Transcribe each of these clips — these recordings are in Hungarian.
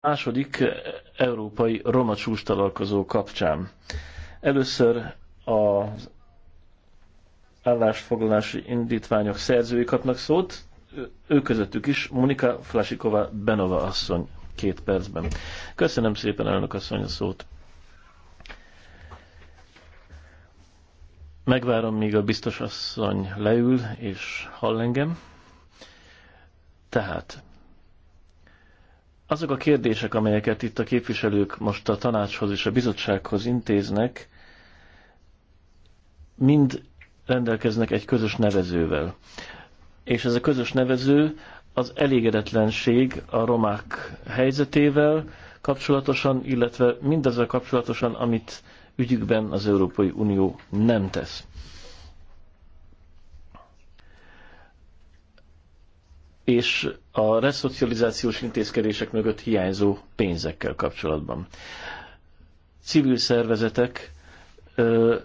második eh, európai roma csúcs találkozó kapcsán. Először az állásfoglalási indítványok szerzői kapnak szót, ő közöttük is Monika Flasikova Benova asszony két percben. Köszönöm szépen elnök asszony a szót. Megvárom, míg a biztos asszony leül és hall engem. Tehát azok a kérdések, amelyeket itt a képviselők most a tanácshoz és a bizottsághoz intéznek, mind rendelkeznek egy közös nevezővel. És ez a közös nevező az elégedetlenség a romák helyzetével kapcsolatosan, illetve mindazzal kapcsolatosan, amit ügyükben az Európai Unió nem tesz. és a reszocializációs intézkedések mögött hiányzó pénzekkel kapcsolatban. Civil szervezetek ö,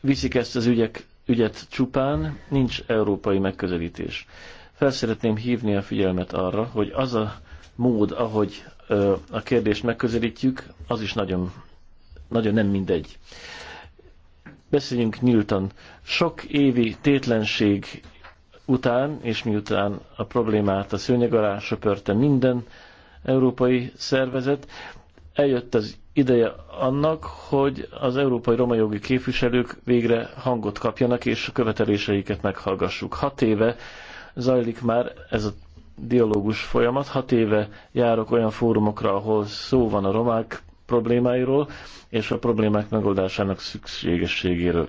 viszik ezt az ügyek, ügyet csupán, nincs európai megközelítés. Felszeretném hívni a figyelmet arra, hogy az a mód, ahogy ö, a kérdést megközelítjük, az is nagyon, nagyon nem mindegy. Beszéljünk nyíltan. Sok évi tétlenség után, és miután a problémát a szőnyeg alá söpörte minden európai szervezet, eljött az ideje annak, hogy az európai roma jogi képviselők végre hangot kapjanak, és a követeléseiket meghallgassuk. Hat éve zajlik már ez a dialógus folyamat, hat éve járok olyan fórumokra, ahol szó van a romák problémáiról, és a problémák megoldásának szükségességéről.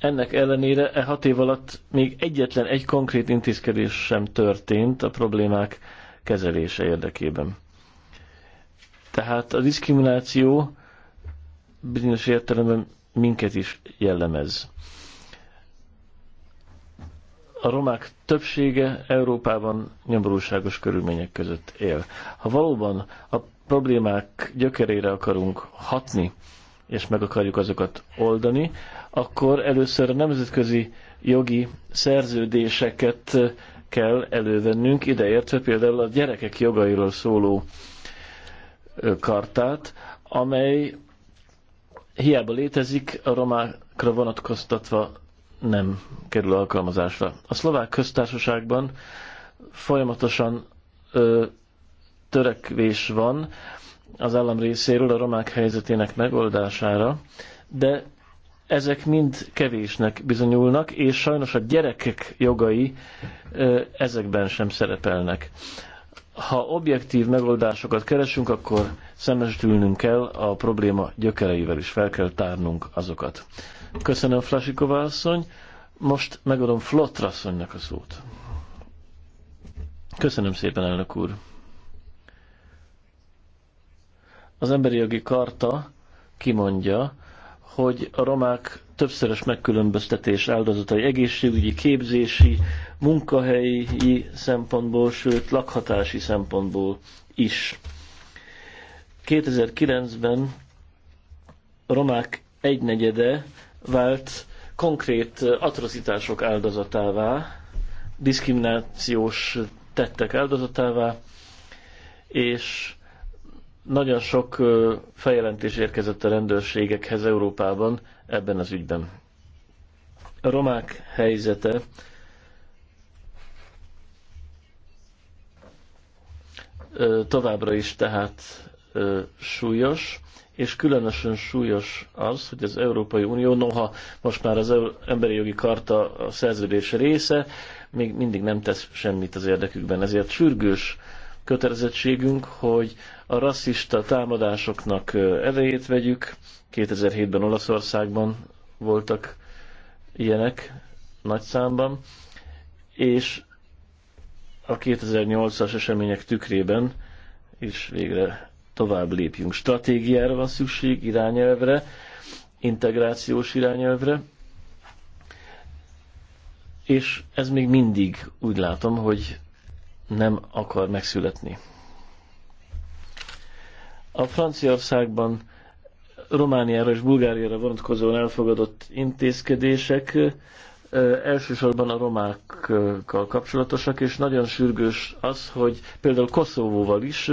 Ennek ellenére e hat év alatt még egyetlen egy konkrét intézkedés sem történt a problémák kezelése érdekében. Tehát a diszkrimináció bizonyos értelemben minket is jellemez. A romák többsége Európában nyomorúságos körülmények között él. Ha valóban a problémák gyökerére akarunk hatni, és meg akarjuk azokat oldani, akkor először a nemzetközi jogi szerződéseket kell elővennünk, ideértve például a gyerekek jogairól szóló kartát, amely hiába létezik, a romákra vonatkoztatva nem kerül alkalmazásra. A szlovák köztársaságban folyamatosan ö, törekvés van az állam részéről a romák helyzetének megoldására, de ezek mind kevésnek bizonyulnak, és sajnos a gyerekek jogai ezekben sem szerepelnek. Ha objektív megoldásokat keresünk, akkor szemesülnünk kell a probléma gyökereivel is, fel kell tárnunk azokat. Köszönöm, Flasikova asszony. Most megadom Flotrasszonynak a szót. Köszönöm szépen, elnök úr. Az emberi jogi karta kimondja, hogy a romák többszörös megkülönböztetés áldozatai egészségügyi, képzési, munkahelyi szempontból, sőt lakhatási szempontból is. 2009-ben a romák egynegyede vált konkrét atrocitások áldozatává, diszkriminációs tettek áldozatává, és nagyon sok feljelentés érkezett a rendőrségekhez Európában ebben az ügyben. A romák helyzete továbbra is tehát súlyos, és különösen súlyos az, hogy az Európai Unió, noha most már az emberi jogi karta a szerződés része, még mindig nem tesz semmit az érdekükben. Ezért sürgős kötelezettségünk, hogy a rasszista támadásoknak elejét vegyük. 2007-ben Olaszországban voltak ilyenek nagy számban, és a 2008-as események tükrében is végre tovább lépjünk. Stratégiára van szükség, irányelvre, integrációs irányelvre, és ez még mindig úgy látom, hogy nem akar megszületni. A Franciaországban Romániára és Bulgáriára vonatkozóan elfogadott intézkedések elsősorban a romákkal kapcsolatosak, és nagyon sürgős az, hogy például Koszovóval is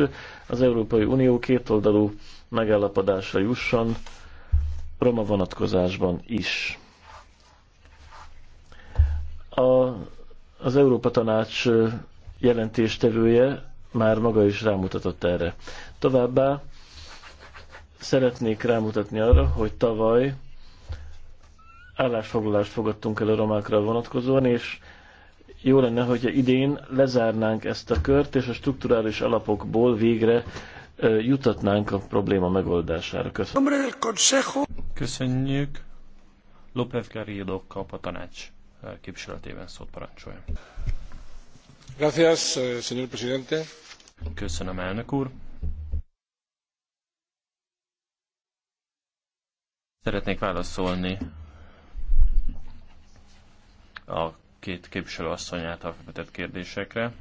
az Európai Unió kétoldalú megállapodásra jusson roma vonatkozásban is. A, az Európa Tanács jelentéstevője már maga is rámutatott erre. Továbbá Szeretnék rámutatni arra, hogy tavaly állásfoglalást fogadtunk el a romákra vonatkozóan, és jó lenne, hogyha idén lezárnánk ezt a kört, és a strukturális alapokból végre jutatnánk a probléma megoldására. Köszönöm. Köszönjük. López Garrido kap a tanács képviseletében szót parancsolja. Gracias, eh, señor presidente. Köszönöm, elnök úr. Szeretnék válaszolni a két képviselő asszony által felvetett kérdésekre,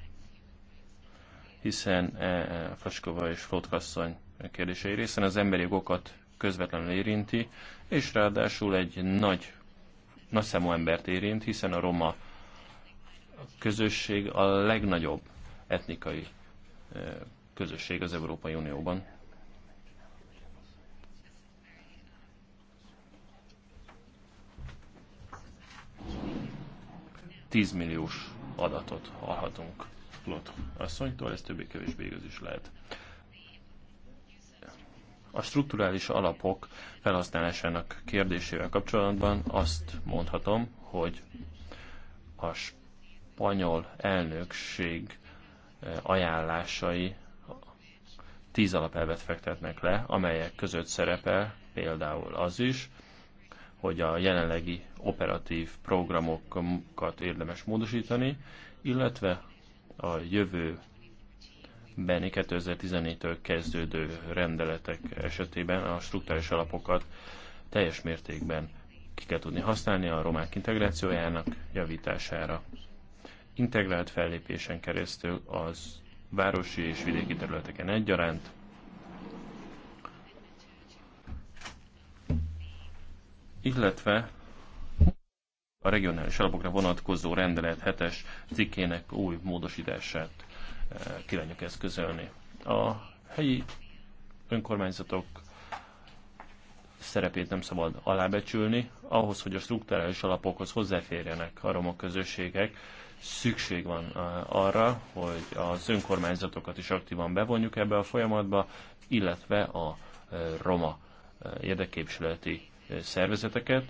hiszen eh, eh, Faskova és Flotkasszony kérdései részen az emberi jogokat közvetlenül érinti, és ráadásul egy nagy, nagy számú embert érint, hiszen a roma közösség a legnagyobb etnikai eh, közösség az Európai Unióban. 10 milliós adatot hallhatunk Lot asszonytól, ez többé-kevésbé igaz is lehet. A strukturális alapok felhasználásának kérdésével kapcsolatban azt mondhatom, hogy a spanyol elnökség eh, ajánlásai tíz alapelvet fektetnek le, amelyek között szerepel például az is, hogy a jelenlegi operatív programokat érdemes módosítani, illetve a jövő Benni 2014-től kezdődő rendeletek esetében a struktúrális alapokat teljes mértékben ki kell tudni használni a romák integrációjának javítására. Integrált fellépésen keresztül az városi és vidéki területeken egyaránt illetve a regionális alapokra vonatkozó rendelet hetes cikkének új módosítását eh, kívánjuk eszközölni. A helyi önkormányzatok szerepét nem szabad alábecsülni. Ahhoz, hogy a struktúrális alapokhoz hozzáférjenek a roma közösségek, szükség van eh, arra, hogy az önkormányzatokat is aktívan bevonjuk ebbe a folyamatba, illetve a eh, roma érdekképviseleti szervezeteket,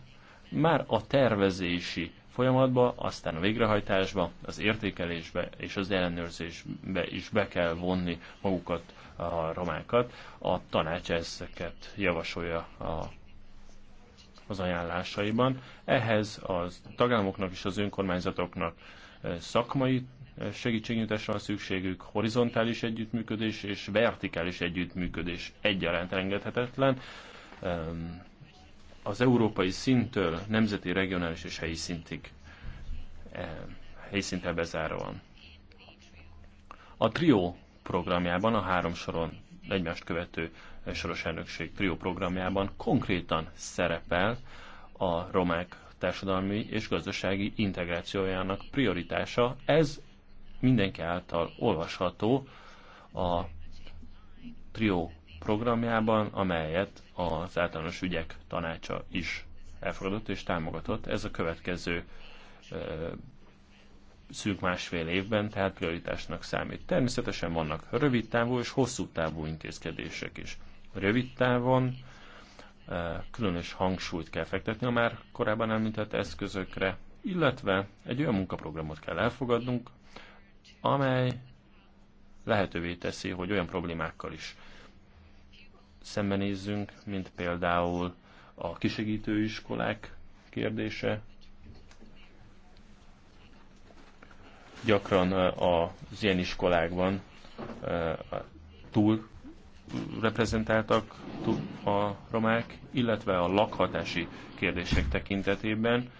már a tervezési folyamatba, aztán a végrehajtásba, az értékelésbe és az ellenőrzésbe is be kell vonni magukat a romákat. A tanács ezeket javasolja a az ajánlásaiban. Ehhez a tagállamoknak és az önkormányzatoknak eh, szakmai eh, segítségnyújtásra van szükségük, horizontális együttműködés és vertikális együttműködés egyaránt engedhetetlen ehm, az európai szinttől nemzeti, regionális és helyi szintig eh, helyszinten bezáróan. A TRIO programjában, a három soron egymást követő eh, soros elnökség TRIO programjában konkrétan szerepel a romák társadalmi és gazdasági integrációjának prioritása. Ez mindenki által olvasható a TRIO programjában, amelyet az általános ügyek tanácsa is elfogadott és támogatott. Ez a következő szűk másfél évben, tehát prioritásnak számít. Természetesen vannak rövid távú és hosszú távú intézkedések is. Rövid távon különös hangsúlyt kell fektetni a már korábban említett eszközökre, illetve egy olyan munkaprogramot kell elfogadnunk, amely lehetővé teszi, hogy olyan problémákkal is szembenézzünk, mint például a kisegítő iskolák kérdése. Gyakran az ilyen iskolákban túl reprezentáltak a romák, illetve a lakhatási kérdések tekintetében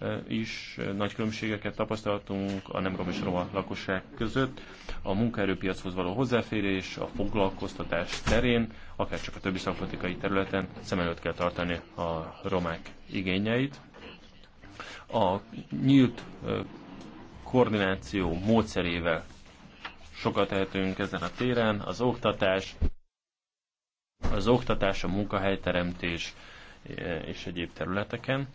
Eh, is eh, nagy különbségeket tapasztaltunk a nem rom és roma lakosság között. A munkaerőpiachoz való hozzáférés, a foglalkoztatás terén, akár csak a többi szakpolitikai területen szem előtt kell tartani a romák igényeit. A nyílt eh, koordináció módszerével sokat tehetünk ezen a téren, az oktatás, az oktatás, a munkahelyteremtés és egyéb területeken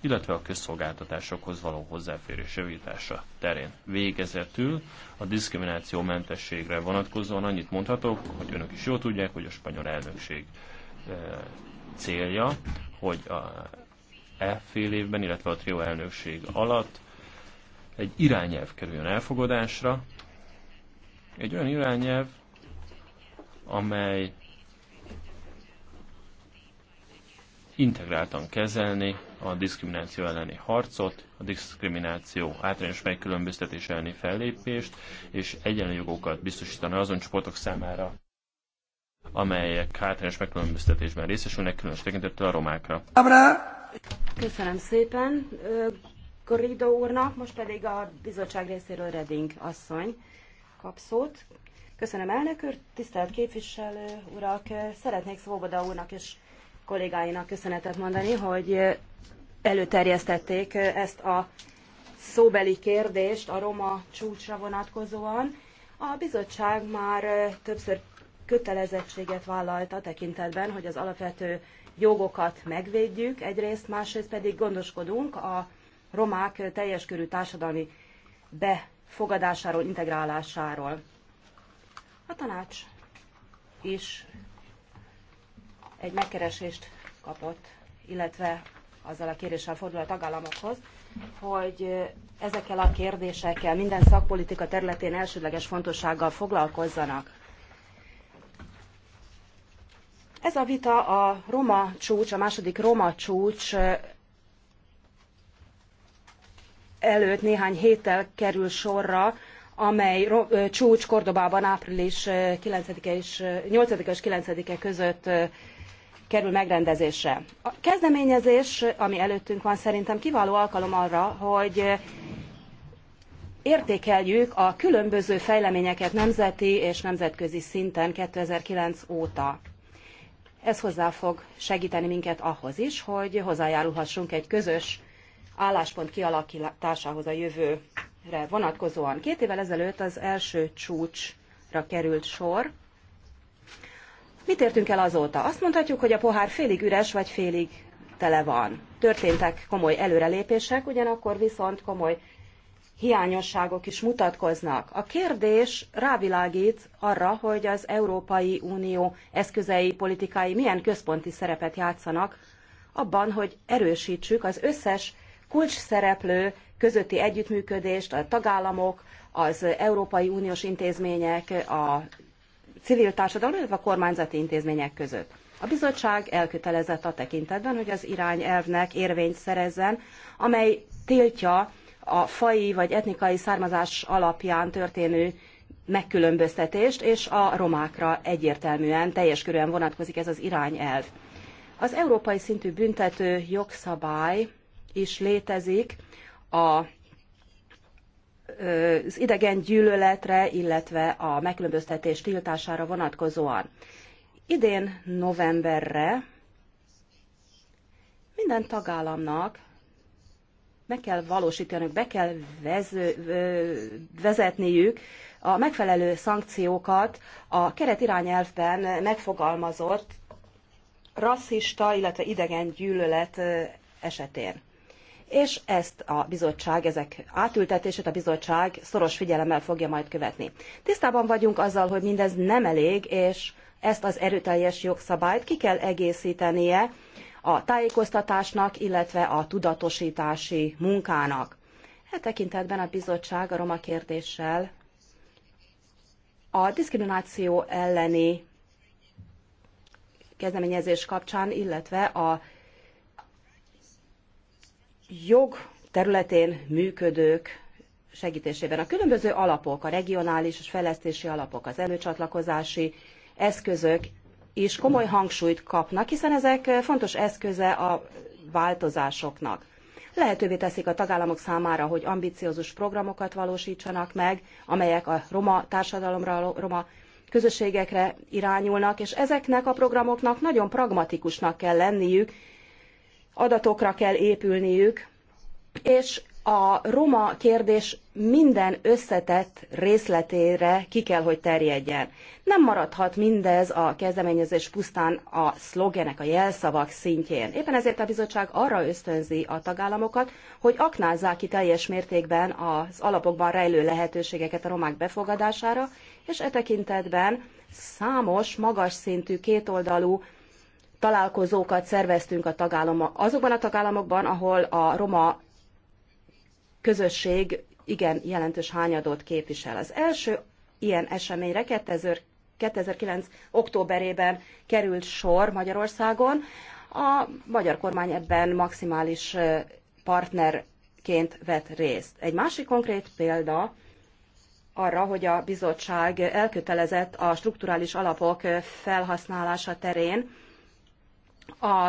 illetve a közszolgáltatásokhoz való hozzáférés javítása terén. Végezetül a diszkrimináció mentességre vonatkozóan annyit mondhatok, hogy önök is jól tudják, hogy a spanyol elnökség eh, célja, hogy a e fél évben, illetve a trió elnökség alatt egy irányelv kerüljön elfogadásra, egy olyan irányelv, amely integráltan kezelni a diszkrimináció elleni harcot, a diszkrimináció általános megkülönböztetés elleni fellépést, és egyenlő jogokat biztosítani azon csoportok számára, amelyek hátrányos megkülönböztetésben részesülnek, különös tekintettel a romákra. Köszönöm szépen Korridó úrnak, most pedig a bizottság részéről Reding asszony kap szót. Köszönöm elnök úr, tisztelt képviselő urak, szeretnék Szvoboda úrnak és kollégáinak köszönetet mondani, hogy előterjesztették ezt a szóbeli kérdést a roma csúcsra vonatkozóan. A bizottság már többször kötelezettséget vállalt a tekintetben, hogy az alapvető jogokat megvédjük egyrészt, másrészt pedig gondoskodunk a romák teljes körű társadalmi befogadásáról, integrálásáról. A tanács is egy megkeresést kapott, illetve azzal a kéréssel fordul a tagállamokhoz, hogy ezekkel a kérdésekkel minden szakpolitika területén elsődleges fontossággal foglalkozzanak. Ez a vita a Roma csúcs, a második Roma csúcs előtt néhány héttel kerül sorra, amely csúcs Kordobában április 9 -e és 8 -e és 9 -e között kerül megrendezésre. A kezdeményezés, ami előttünk van, szerintem kiváló alkalom arra, hogy értékeljük a különböző fejleményeket nemzeti és nemzetközi szinten 2009 óta. Ez hozzá fog segíteni minket ahhoz is, hogy hozzájárulhassunk egy közös álláspont kialakításához a jövőre vonatkozóan. Két évvel ezelőtt az első csúcsra került sor, Mit értünk el azóta? Azt mondhatjuk, hogy a pohár félig üres vagy félig tele van. Történtek komoly előrelépések, ugyanakkor viszont komoly hiányosságok is mutatkoznak. A kérdés rávilágít arra, hogy az Európai Unió eszközei, politikai milyen központi szerepet játszanak abban, hogy erősítsük az összes kulcs szereplő közötti együttműködést, a tagállamok, az Európai Uniós intézmények, a civil társadalom, illetve a kormányzati intézmények között. A bizottság elkötelezett a tekintetben, hogy az irányelvnek érvényt szerezzen, amely tiltja a fai vagy etnikai származás alapján történő megkülönböztetést, és a romákra egyértelműen, teljes körűen vonatkozik ez az irányelv. Az európai szintű büntető jogszabály is létezik a az idegen gyűlöletre, illetve a megkülönböztetés tiltására vonatkozóan. Idén novemberre minden tagállamnak meg kell valósítaniuk, be kell vezetniük a megfelelő szankciókat a keretirányelvben megfogalmazott rasszista, illetve idegen gyűlölet esetén és ezt a bizottság, ezek átültetését a bizottság szoros figyelemmel fogja majd követni. Tisztában vagyunk azzal, hogy mindez nem elég, és ezt az erőteljes jogszabályt ki kell egészítenie a tájékoztatásnak, illetve a tudatosítási munkának. E tekintetben a bizottság a roma kérdéssel a diszkrimináció elleni kezdeményezés kapcsán, illetve a jog területén működők segítésében. A különböző alapok, a regionális és fejlesztési alapok, az előcsatlakozási eszközök is komoly hangsúlyt kapnak, hiszen ezek fontos eszköze a változásoknak. Lehetővé teszik a tagállamok számára, hogy ambiciózus programokat valósítsanak meg, amelyek a roma társadalomra, a roma közösségekre irányulnak, és ezeknek a programoknak nagyon pragmatikusnak kell lenniük, adatokra kell épülniük, és a roma kérdés minden összetett részletére ki kell, hogy terjedjen. Nem maradhat mindez a kezdeményezés pusztán a szlogenek, a jelszavak szintjén. Éppen ezért a bizottság arra ösztönzi a tagállamokat, hogy aknázzák ki teljes mértékben az alapokban rejlő lehetőségeket a romák befogadására, és e tekintetben számos magas szintű kétoldalú találkozókat szerveztünk a tagállamok, azokban a tagállamokban, ahol a roma közösség igen jelentős hányadot képvisel. Az első ilyen eseményre 2000, 2009. októberében került sor Magyarországon. A magyar kormány ebben maximális partnerként vett részt. Egy másik konkrét példa arra, hogy a bizottság elkötelezett a strukturális alapok felhasználása terén, a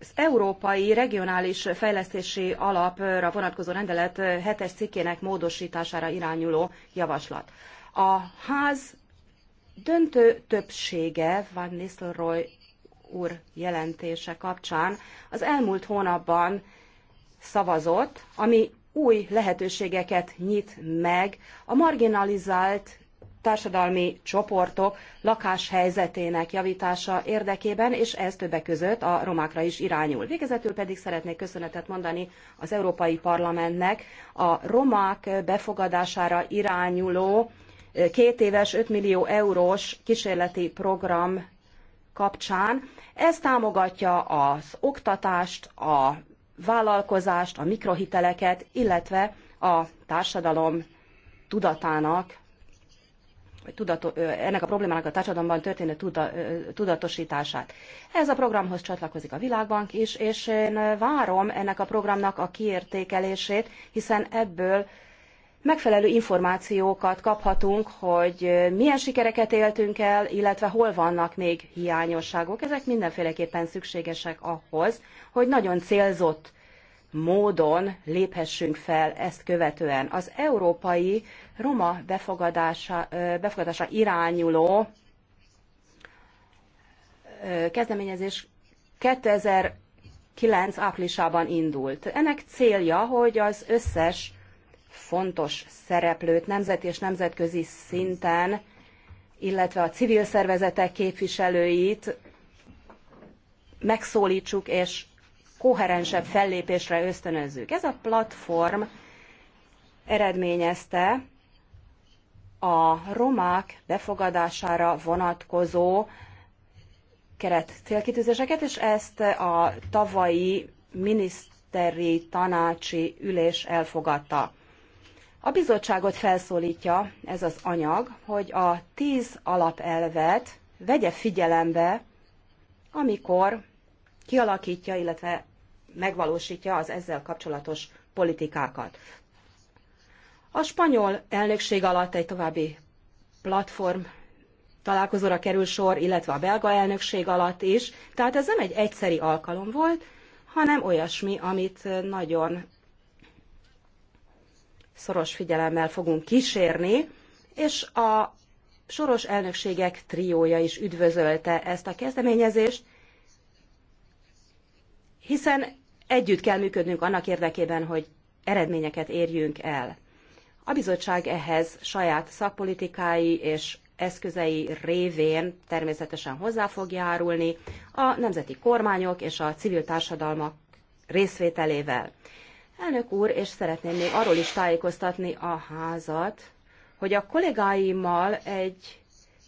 az Európai Regionális Fejlesztési Alapra vonatkozó rendelet 7-es cikkének módosítására irányuló javaslat. A ház döntő többsége Van Nistelrooy úr jelentése kapcsán az elmúlt hónapban szavazott, ami új lehetőségeket nyit meg a marginalizált társadalmi csoportok lakáshelyzetének javítása érdekében, és ez többek között a romákra is irányul. Végezetül pedig szeretnék köszönetet mondani az Európai Parlamentnek a romák befogadására irányuló eh, két éves 5 millió eurós kísérleti program kapcsán. Ez támogatja az oktatást, a vállalkozást, a mikrohiteleket, illetve a társadalom tudatának tudato, ennek a problémának a társadalomban történő tuda, tudatosítását. Ez a programhoz csatlakozik a Világbank is, és én várom ennek a programnak a kiértékelését, hiszen ebből megfelelő információkat kaphatunk, hogy milyen sikereket éltünk el, illetve hol vannak még hiányosságok. Ezek mindenféleképpen szükségesek ahhoz, hogy nagyon célzott módon léphessünk fel ezt követően. Az európai roma befogadása, befogadása irányuló kezdeményezés 2009 áprilisában indult. Ennek célja, hogy az összes fontos szereplőt nemzeti és nemzetközi szinten, illetve a civil szervezetek képviselőit megszólítsuk és koherensebb fellépésre ösztönözzük. Ez a platform eredményezte a romák befogadására vonatkozó keret célkitűzéseket, és ezt a tavalyi miniszteri tanácsi ülés elfogadta. A bizottságot felszólítja ez az anyag, hogy a tíz alapelvet vegye figyelembe, amikor kialakítja, illetve megvalósítja az ezzel kapcsolatos politikákat. A spanyol elnökség alatt egy további platform találkozóra kerül sor, illetve a belga elnökség alatt is. Tehát ez nem egy egyszeri alkalom volt, hanem olyasmi, amit nagyon szoros figyelemmel fogunk kísérni, és a soros elnökségek triója is üdvözölte ezt a kezdeményezést, hiszen együtt kell működnünk annak érdekében, hogy eredményeket érjünk el. A bizottság ehhez saját szakpolitikái és eszközei révén természetesen hozzá fog járulni a nemzeti kormányok és a civil társadalmak részvételével. Elnök úr, és szeretném még arról is tájékoztatni a házat, hogy a kollégáimmal egy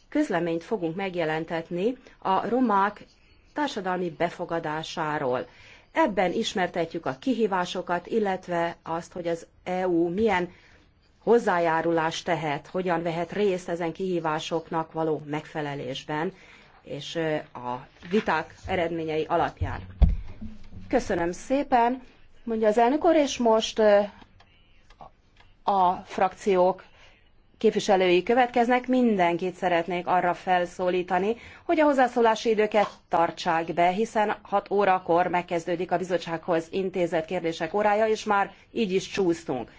közleményt fogunk megjelentetni a romák társadalmi befogadásáról. Ebben ismertetjük a kihívásokat, illetve azt, hogy az EU milyen hozzájárulást tehet, hogyan vehet részt ezen kihívásoknak való megfelelésben és a viták eredményei alapján. Köszönöm szépen, mondja az elnök úr, és most a frakciók képviselői következnek, mindenkit szeretnék arra felszólítani, hogy a hozzászólási időket tartsák be, hiszen 6 órakor megkezdődik a bizottsághoz intézett kérdések órája, és már így is csúsztunk.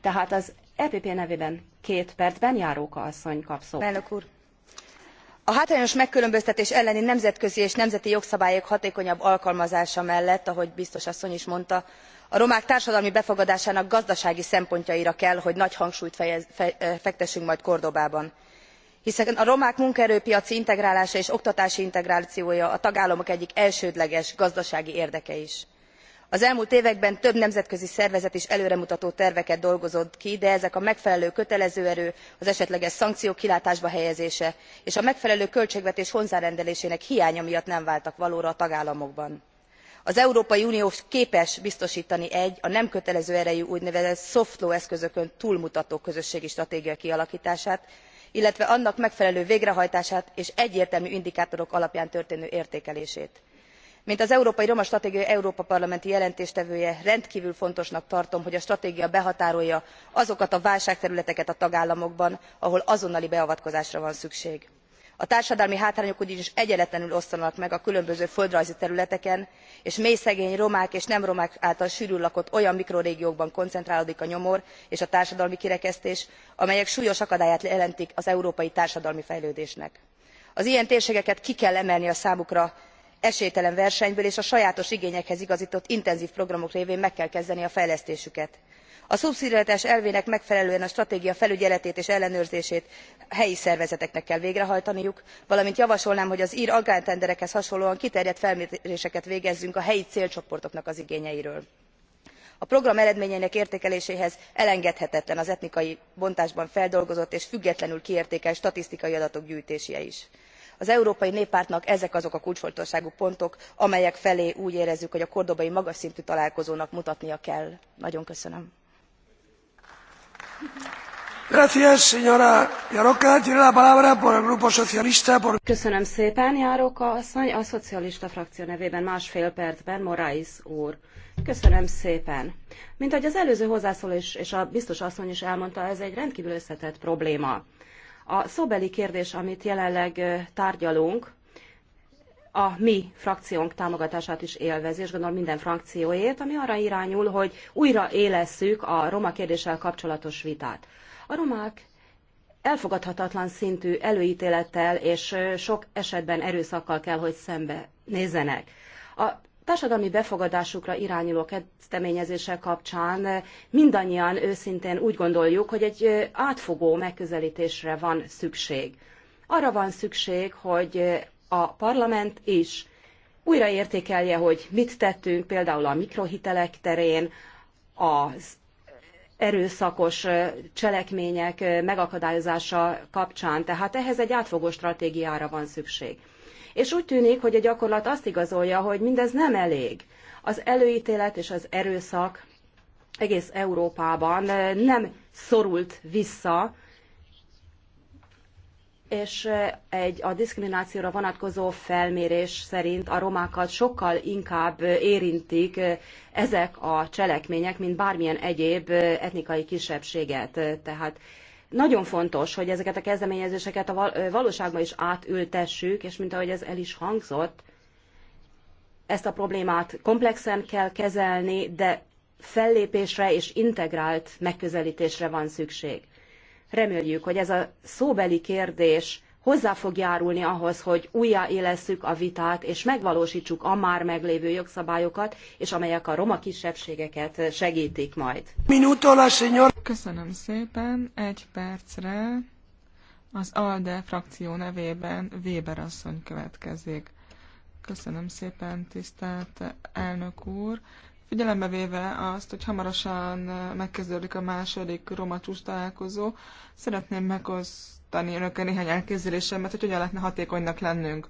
Tehát az EPP nevében két percben Járóka asszony kap szót. Elnök úr! a hátrányos megkülönböztetés elleni nemzetközi és nemzeti jogszabályok hatékonyabb alkalmazása mellett ahogy biztos asszony is mondta a romák társadalmi befogadásának gazdasági szempontjaira kell hogy nagy hangsúlyt fektessünk majd kordobában hiszen a romák munkaerőpiaci integrálása és oktatási integrációja a tagállamok egyik elsődleges gazdasági érdeke is. az elmúlt években több nemzetközi szervezet is előremutató terveket dolgozott ki de ezek a megfelelő kötelező erő az esetleges szankciók kilátásba helyezése és a megfelelő költségvetés hozzárendelésének hiánya miatt nem váltak valóra a tagállamokban az európai unió képes biztostani egy a nem kötelező erejű úgynevezett soft law eszközökön túlmutató közösségi stratégia kialaktását illetve annak megfelelő végrehajtását és egyértelmű indikátorok alapján történő értékelését. mint az európai Roma stratégia európa parlamenti jelentéstevője rendkvül fontosnak tartom hogy a stratégia behatárolja azokat a válságterületeket a tagállamokban ahol azonnali beavatkozásra van szükség a társadalmi hátrányok ugyanis egyenletlenül oszlanak meg a különböző földrajzi területeken és mélyszegény romák és nem romák által sűrűn lakott olyan mikrorégiókban koncentrálódik a nyomor és a társadalmi kirekesztés amelyek súlyos akadályát jelentik az európai társadalmi fejlődésnek. az ilyen térségeket ki kell emelni a számukra esélytelen versenyből és a sajátos igényekhez igaztott intenzv programok révén meg kell kezdeni a fejlesztésüket a szubszidiaritás elvének megfelelően a stratégia felügyeletét és ellenőrzését helyi szervezeteknek kell végrehajtaniuk valamint javasolnám hogy az r agrártenderekhez hasonlóan kiterjedt felméréseket végezzünk a helyi célcsoportoknak az igényeiről. a program eredményeinek értékeléséhez elengedhetetlen az etnikai bontásban feldolgozott és függetlenül kiértékelt statisztikai adatok gyűjtése is. az európai néppártnak ezek azok a kulcsfontosságú pontok amelyek felé úgy érezzük hogy a kordobai magas szintű találkozónak mutatnia kell. nagyon köszönöm. Köszönöm szépen, Járóka asszony. A szocialista frakció nevében másfél percben moraes úr. Köszönöm szépen. Mint ahogy az előző hozzászóló is, és a biztos asszony is elmondta, ez egy rendkvül összetett probléma. A szóbeli kérdés, amit jelenleg tárgyalunk, a mi frakciónk támogatását is élvezi, és gondolom minden frakcióét, ami arra irányul, hogy újra élesszük a roma kérdéssel kapcsolatos vitát. A romák elfogadhatatlan szintű előítélettel és sok esetben erőszakkal kell, hogy szembe nézzenek. A társadalmi befogadásukra irányuló kezdeményezése kapcsán mindannyian őszintén úgy gondoljuk, hogy egy átfogó megközelítésre van szükség. Arra van szükség, hogy a parlament is újra értékelje, hogy mit tettünk például a mikrohitelek terén, az erőszakos cselekmények megakadályozása kapcsán. Tehát ehhez egy átfogó stratégiára van szükség. És úgy tűnik, hogy a gyakorlat azt igazolja, hogy mindez nem elég. Az előítélet és az erőszak egész Európában nem szorult vissza, és egy a diszkriminációra vonatkozó felmérés szerint a romákat sokkal inkább érintik ezek a cselekmények, mint bármilyen egyéb etnikai kisebbséget. Tehát nagyon fontos, hogy ezeket a kezdeményezéseket a valóságban is átültessük, és mint ahogy ez el is hangzott, ezt a problémát komplexen kell kezelni, de fellépésre és integrált megközelítésre van szükség. Reméljük, hogy ez a szóbeli kérdés hozzá fog járulni ahhoz, hogy újjáélesszük a vitát, és megvalósítsuk a már meglévő jogszabályokat, és amelyek a roma kisebbségeket segítik majd. Minutola, señor. Köszönöm szépen. Egy percre az ALDE frakció nevében Weber asszony következik. Köszönöm szépen, tisztelt elnök úr. Figyelembe véve azt, hogy hamarosan megkezdődik a második roma csúcs találkozó, szeretném megosztani önökkel néhány elképzelésemet, hogy hogyan lehetne hatékonynak lennünk.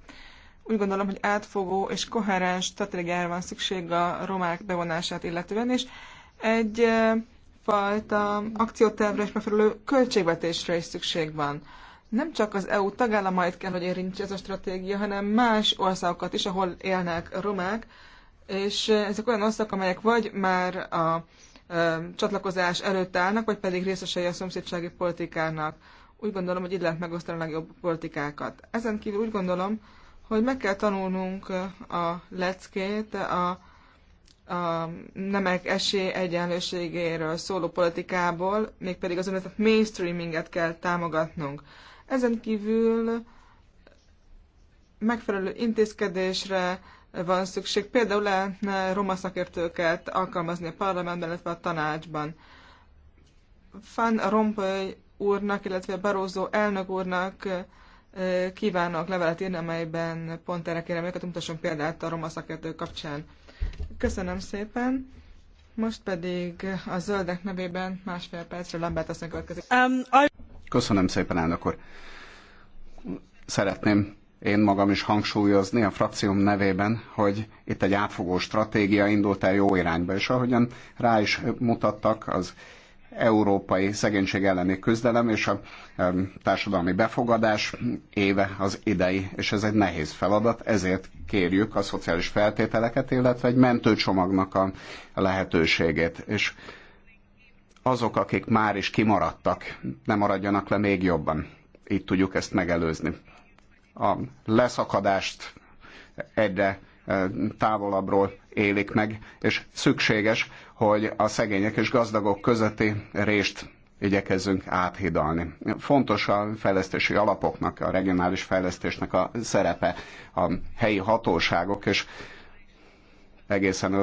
Úgy gondolom, hogy átfogó és koherens stratégiára van szükség a romák bevonását illetően, és egy fajta akciótervre és megfelelő költségvetésre is szükség van. Nem csak az EU tagállamait kell, hogy érintse ez a stratégia, hanem más országokat is, ahol élnek romák, és ezek olyan országok, amelyek vagy már a csatlakozás előtt állnak, vagy pedig részesei a szomszédsági politikának. Úgy gondolom, hogy így lehet megosztani a legjobb politikákat. Ezen kívül úgy gondolom, hogy meg kell tanulnunk a leckét, a, a nemek esély egyenlőségéről szóló politikából, mégpedig az úgynevezett mainstreaminget kell támogatnunk. Ezen kívül megfelelő intézkedésre, van szükség. Például lehetne roma szakértőket alkalmazni a parlamentben, illetve a tanácsban. Fan Rompuy úrnak, illetve Barózó elnök úrnak kívánok levelet írni, amelyben pont erre kérem őket, mutasson példát a roma szakértő kapcsán. Köszönöm szépen. Most pedig a zöldek nevében másfél percre Lambert aztán következik. Um, Köszönöm szépen, elnök úr. Szeretném én magam is hangsúlyozni a frakcióm nevében, hogy itt egy átfogó stratégia indult el jó irányba, és ahogyan rá is mutattak az európai szegénység elleni küzdelem és a társadalmi befogadás éve az idei, és ez egy nehéz feladat, ezért kérjük a szociális feltételeket, illetve egy mentőcsomagnak a lehetőségét. És azok, akik már is kimaradtak, nem maradjanak le még jobban. Így tudjuk ezt megelőzni a leszakadást egyre e, távolabbról élik meg, és szükséges, hogy a szegények és gazdagok közötti rést igyekezzünk áthidalni. Fontos a fejlesztési alapoknak, a regionális fejlesztésnek a szerepe, a helyi hatóságok, és egészen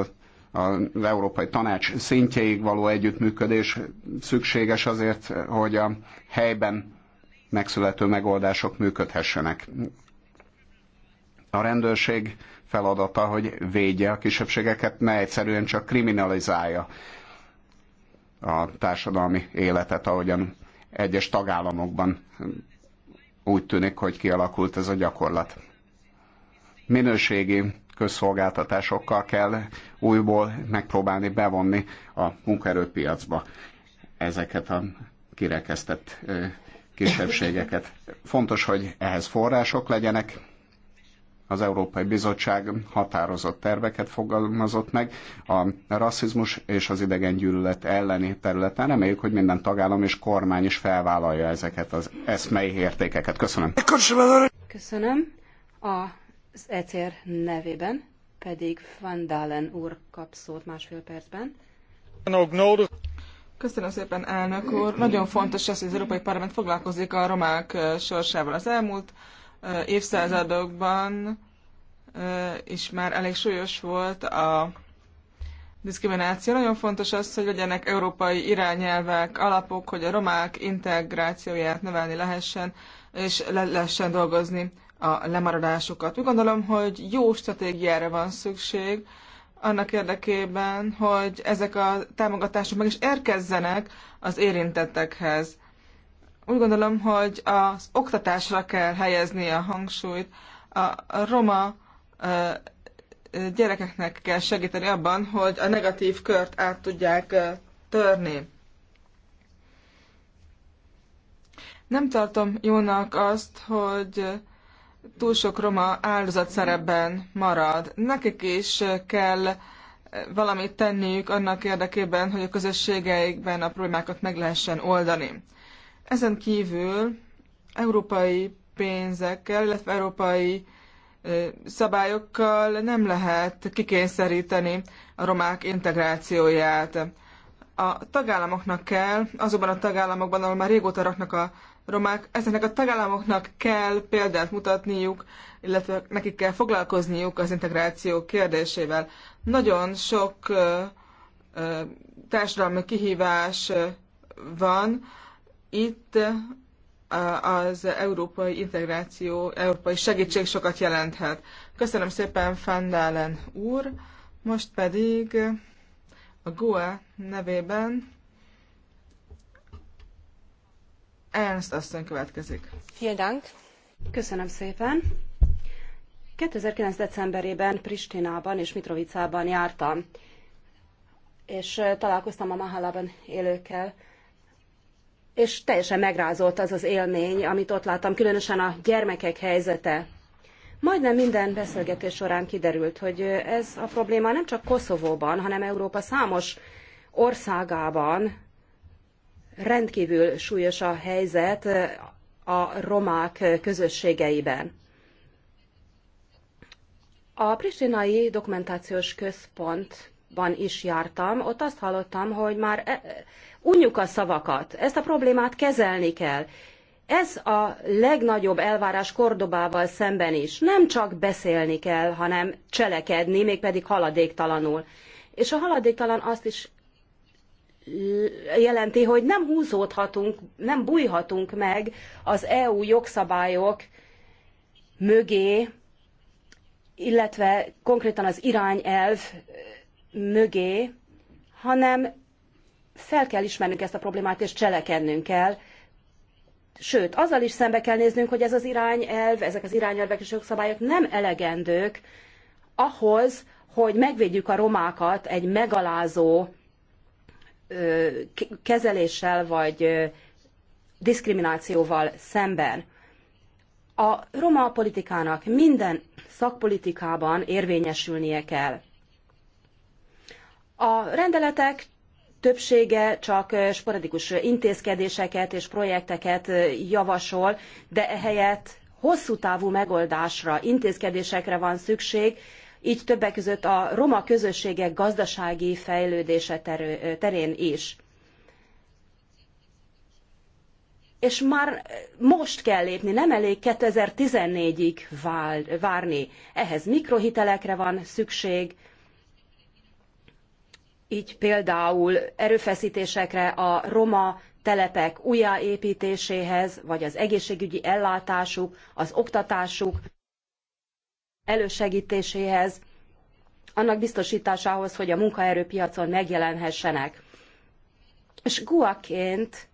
az Európai Tanács szintjéig való együttműködés szükséges azért, hogy a helyben megszülető megoldások működhessenek. A rendőrség feladata, hogy védje a kisebbségeket, ne egyszerűen csak kriminalizálja a társadalmi életet, ahogyan egyes tagállamokban úgy tűnik, hogy kialakult ez a gyakorlat. Minőségi közszolgáltatásokkal kell újból megpróbálni bevonni a munkaerőpiacba ezeket a kirekesztett kisebbségeket. Fontos, hogy ehhez források legyenek. Az Európai Bizottság határozott terveket fogalmazott meg a rasszizmus és az idegen gyűlölet elleni területen. Reméljük, hogy minden tagállam és kormány is felvállalja ezeket az eszmei értékeket. Köszönöm. Köszönöm. Az ECR nevében pedig Van Dalen úr kap szót másfél percben. Köszönöm szépen, elnök úr. Nagyon fontos az, hogy az Európai Parlament foglalkozik a romák sorsával. Az elmúlt évszázadokban és már elég súlyos volt a diszkrimináció. Nagyon fontos az, hogy legyenek európai irányelvek, alapok, hogy a romák integrációját növelni lehessen, és le lehessen dolgozni a lemaradásokat. Úgy gondolom, hogy jó stratégiára van szükség, annak érdekében, hogy ezek a támogatások meg is érkezzenek az érintettekhez. Úgy gondolom, hogy az oktatásra kell helyezni a hangsúlyt. A roma gyerekeknek kell segíteni abban, hogy a negatív kört át tudják törni. Nem tartom jónak azt, hogy túl sok roma áldozat szerepben marad. Nekik is kell eh, valamit tenniük annak érdekében, hogy a közösségeikben a problémákat meg lehessen oldani. Ezen kívül európai pénzekkel, illetve európai eh, szabályokkal nem lehet kikényszeríteni a romák integrációját. A tagállamoknak kell, azokban a tagállamokban, ahol már régóta raknak a romák, ezeknek a tagállamoknak kell példát mutatniuk, illetve nekik kell foglalkozniuk az integráció kérdésével. Nagyon sok társadalmi kihívás van. Itt az európai integráció, európai segítség sokat jelenthet. Köszönöm szépen Fandálen úr, most pedig a GUE nevében Ernst asszony következik. Vielen Dank. Köszönöm szépen. 2009. decemberében Pristinában és Mitrovicában jártam, és találkoztam a Mahalában élőkkel, és teljesen megrázolt az az élmény, amit ott láttam, különösen a gyermekek helyzete. Majdnem minden beszélgetés során kiderült, hogy ez a probléma nem csak Koszovóban, hanem Európa számos országában rendkívül súlyos a helyzet a romák közösségeiben. A Pristinai Dokumentációs Központban is jártam, ott azt hallottam, hogy már e, unjuk a szavakat, ezt a problémát kezelni kell. Ez a legnagyobb elvárás Kordobával szemben is. Nem csak beszélni kell, hanem cselekedni, mégpedig haladéktalanul. És a haladéktalan azt is jelenti, hogy nem húzódhatunk, nem bújhatunk meg az EU jogszabályok mögé, illetve konkrétan az irányelv mögé, hanem fel kell ismernünk ezt a problémát, és cselekednünk kell. Sőt, azzal is szembe kell néznünk, hogy ez az irányelv, ezek az irányelvek és jogszabályok nem elegendők ahhoz, hogy megvédjük a romákat egy megalázó kezeléssel vagy diszkriminációval szemben. A roma politikának minden szakpolitikában érvényesülnie kell. A rendeletek többsége csak sporadikus intézkedéseket és projekteket javasol, de ehelyett hosszú távú megoldásra, intézkedésekre van szükség, így többek között a roma közösségek gazdasági fejlődése terén is. És már most kell lépni, nem elég 2014-ig várni. Ehhez mikrohitelekre van szükség, így például erőfeszítésekre a roma telepek újjáépítéséhez, vagy az egészségügyi ellátásuk, az oktatásuk, elősegítéséhez, annak biztostásához, hogy a munkaerőpiacon megjelenhessenek. És guaként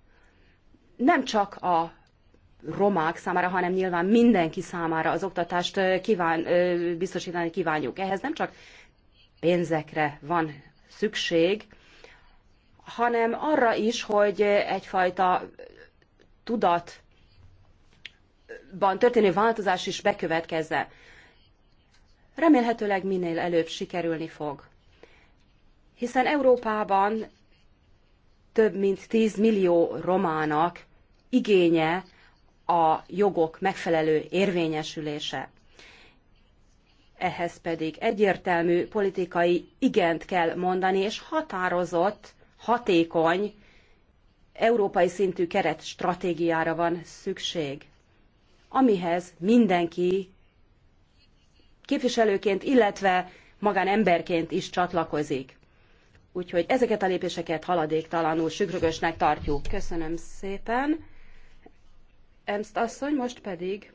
nem csak a romák számára, hanem nyilván mindenki számára az oktatást kíván, biztosítani kívánjuk. Ehhez nem csak pénzekre van szükség, hanem arra is, hogy egyfajta tudatban történő változás is bekövetkezzen remélhetőleg minél előbb sikerülni fog. Hiszen Európában több mint 10 millió romának igénye a jogok megfelelő érvényesülése. Ehhez pedig egyértelmű politikai igent kell mondani, és határozott, hatékony, európai szintű keretstratégiára van szükség, amihez mindenki képviselőként, illetve magánemberként is csatlakozik. Úgyhogy ezeket a lépéseket haladéktalanul sükrögösnek tartjuk. Köszönöm szépen. Emszt asszony, most pedig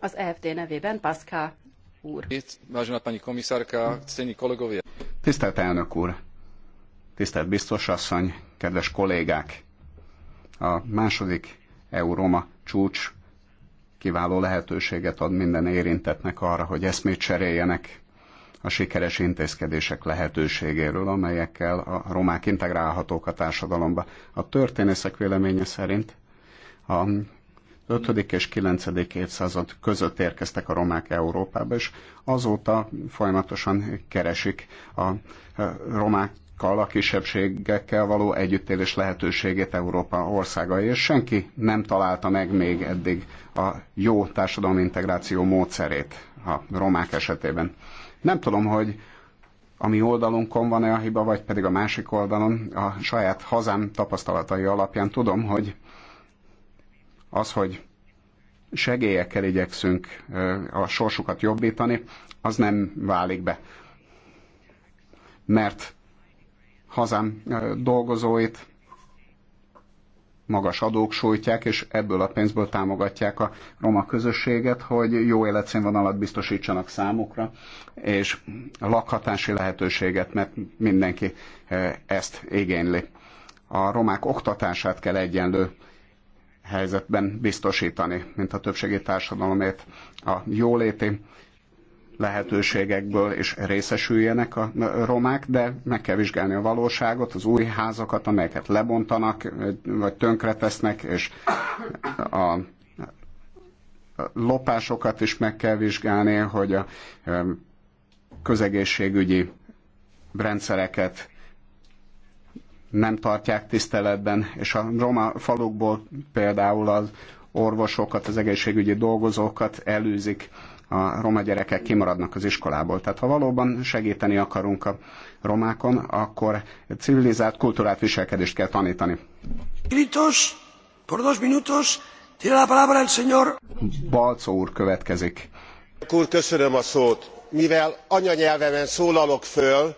az EFD nevében Pascal úr. Vážená pani komisárka, ctení kolegovia. Tisztelt elnök úr, tisztelt biztos asszony, kedves kollégák! A második Euróma csúcs kiváló lehetőséget ad minden érintetnek arra, hogy eszmét cseréljenek a sikeres intézkedések lehetőségéről, amelyekkel a romák integrálhatók a társadalomba. A történészek véleménye szerint a 5. és 9. évszázad között érkeztek a romák Európába, és azóta folyamatosan keresik a romák a kisebbségekkel való együttélés lehetőségét Európa országai, és senki nem találta meg még eddig a jó társadalmi integráció módszerét a romák esetében. Nem tudom, hogy a mi oldalunkon van-e a hiba, vagy pedig a másik oldalon, a saját hazám tapasztalatai alapján tudom, hogy az, hogy segélyekkel igyekszünk a sorsukat jobbítani, az nem válik be. Mert hazám dolgozóit magas adók sújtják, és ebből a pénzből támogatják a roma közösséget, hogy jó életszínvonalat biztosítsanak számukra, és lakhatási lehetőséget, mert mindenki ezt igényli. A romák oktatását kell egyenlő helyzetben biztosítani, mint a többségi társadalomért a jóléti lehetőségekből is részesüljenek a romák, de meg kell vizsgálni a valóságot, az új házakat, amelyeket lebontanak, vagy tönkretesznek, és a lopásokat is meg kell vizsgálni, hogy a közegészségügyi rendszereket nem tartják tiszteletben, és a roma falukból például az orvosokat, az egészségügyi dolgozókat elűzik a roma gyerekek kimaradnak az iskolából. Tehát ha valóban segíteni akarunk a romákon, akkor civilizált kultúrát viselkedést kell tanítani. Gritos, por dos minutos, tiene la palabra el señor. Balco úr következik. Úr, köszönöm a szót. Mivel anyanyelvemen szólalok föl,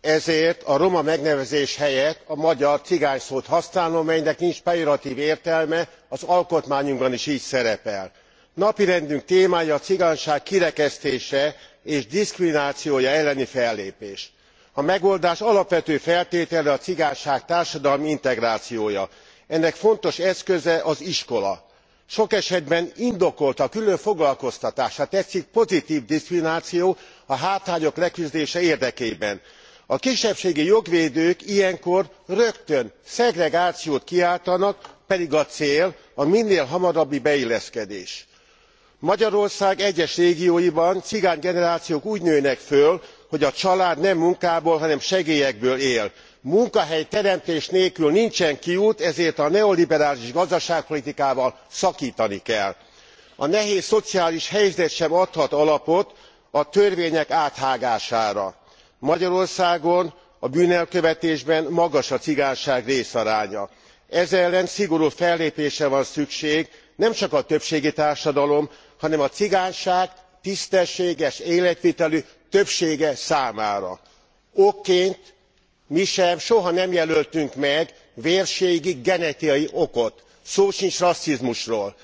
ezért a roma megnevezés helyett a magyar cigány szót használom melynek nincs pejoratív értelme az alkotmányunkban is így szerepel napirendünk témája a cigányság kirekesztése és diszkriminációja elleni fellépés. a megoldás alapvető feltétele a cigányság társadalmi integrációja ennek fontos eszköze az iskola. sok esetben indokolt a külön foglalkoztatás ha tetszik pozitv diszkrimináció a hátrányok leküzdése érdekében. a kisebbségi jogvédők ilyenkor rögtön szegregációt kiáltanak pedig a cél a minél hamarabbi beilleszkedés magyarország egyes régióiban cigány generációk úgy nőnek föl hogy a család nem munkából hanem segélyekből él. munkahelyteremtés nélkül nincsen kiút ezért a neoliberális gazdaságpolitikával szaktani kell. a nehéz szociális helyzet sem adhat alapot a törvények áthágására. magyarországon a bűnelkövetésben magas a cigányság részaránya. ez ellen szigorú fellépésre van szükség nemcsak a többségi társadalom hanem a cigányság tisztességes életvitelű többsége számára. okként mi sem soha nem jelöltünk meg vérségi genetikai okot szó sincs rasszizmusról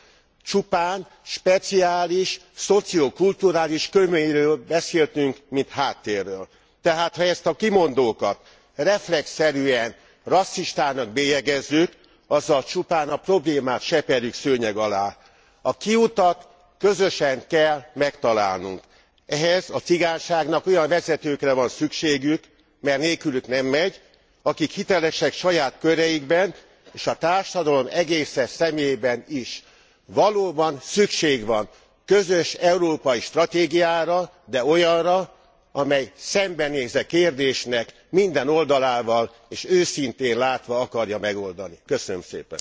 csupán speciális szociokulturális köméről beszéltünk mint háttérről. tehát ha ezt a kimondókat reflexszerűen rasszistának bélyegezzük azzal csupán a problémát seperjük szőnyeg alá. a kiutat közösen kell megtalálnunk. ehhez a cigányságnak olyan vezetőkre van szükségük mert nélkülük nem megy akik hitelesek saját köreikben és a társadalom egésze szemében is. valóban szükség van közös európai stratégiára de olyanra amely szembenéz e kérdésnek minden oldalával és őszintén látva akarja megoldani. köszönöm szépen!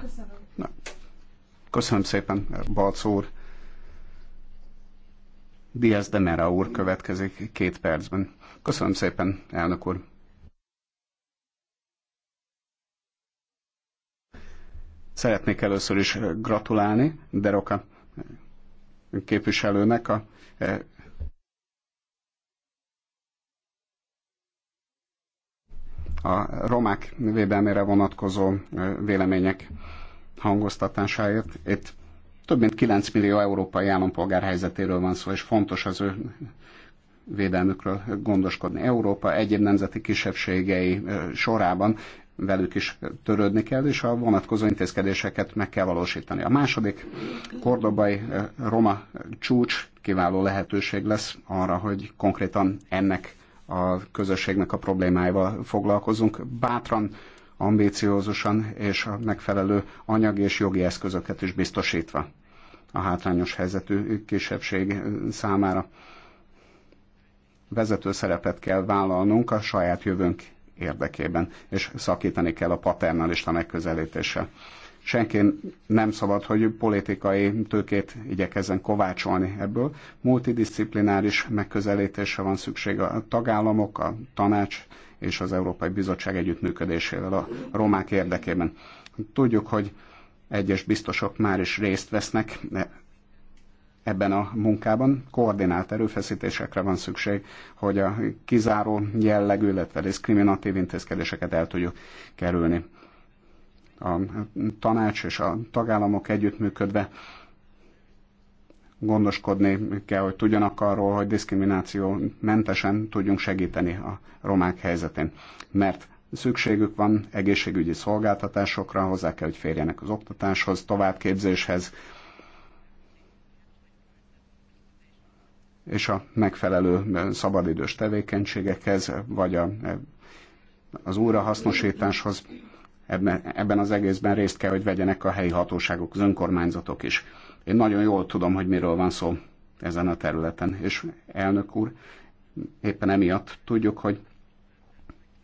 Köszönöm. Köszönöm szépen, Balc úr. Diaz de Mera úr következik két percben. Köszönöm szépen, elnök úr. Szeretnék először is gratulálni Deroka képviselőnek a eh, a romák védelmére vonatkozó vélemények hangoztatásáért. Itt több mint 9 millió európai állampolgár helyzetéről van szó, és fontos az ő védelmükről gondoskodni. Európa egyéb nemzeti kisebbségei sorában velük is törődni kell, és a vonatkozó intézkedéseket meg kell valósítani. A második kordobai roma csúcs kiváló lehetőség lesz arra, hogy konkrétan ennek a közösségnek a problémáival foglalkozunk. Bátran, ambíciózusan és a megfelelő anyagi és jogi eszközöket is biztosítva a hátrányos helyzetű kisebbség számára. Vezető szerepet kell vállalnunk a saját jövőnk érdekében, és szakítani kell a paternalista megközelítéssel senki nem szabad, hogy politikai tőkét igyekezzen kovácsolni ebből. Multidisziplináris megközelítésre van szükség a tagállamok, a tanács és az Európai Bizottság együttműködésével a romák érdekében. Tudjuk, hogy egyes biztosok már is részt vesznek ebben a munkában. Koordinált erőfeszítésekre van szükség, hogy a kizáró jellegű, illetve diszkriminatív intézkedéseket el tudjuk kerülni a tanács és a tagállamok együttműködve gondoskodni kell, hogy tudjanak arról, hogy diszkrimináció mentesen tudjunk segíteni a romák helyzetén. Mert szükségük van egészségügyi szolgáltatásokra, hozzá kell, hogy férjenek az oktatáshoz, továbbképzéshez, és a megfelelő szabadidős tevékenységekhez, vagy a, az újrahasznosításhoz ebben, ebben az egészben részt kell, hogy vegyenek a helyi hatóságok, az önkormányzatok is. Én nagyon jól tudom, hogy miről van szó ezen a területen. És elnök úr, éppen emiatt tudjuk, hogy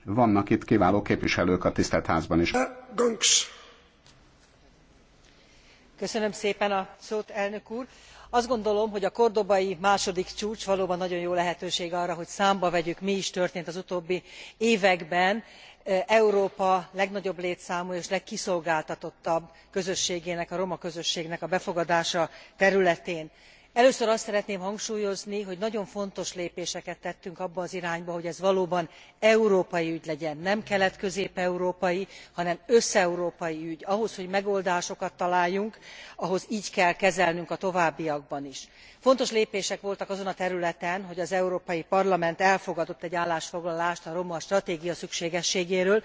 vannak itt kiváló képviselők a tisztelt házban is. Köszönöm szépen a szót, elnök úr azt gondolom hogy a kordobai második csúcs valóban nagyon jó lehetőség arra hogy számba vegyük mi is történt az utóbbi években európa legnagyobb létszámú és legkiszolgáltatottabb közösségének a roma közösségnek a befogadása területén először azt szeretném hangsúlyozni hogy nagyon fontos lépéseket tettünk abba az irányba hogy ez valóban európai ügy legyen nem kelet közép európai hanem összeurópai ügy. ahhoz hogy megoldásokat találjunk ahhoz gy kell kezelnünk a továbbiakban is. fontos lépések voltak azon a területen hogy az európai parlament elfogadott egy állásfoglalást a romastratégia szükségességéről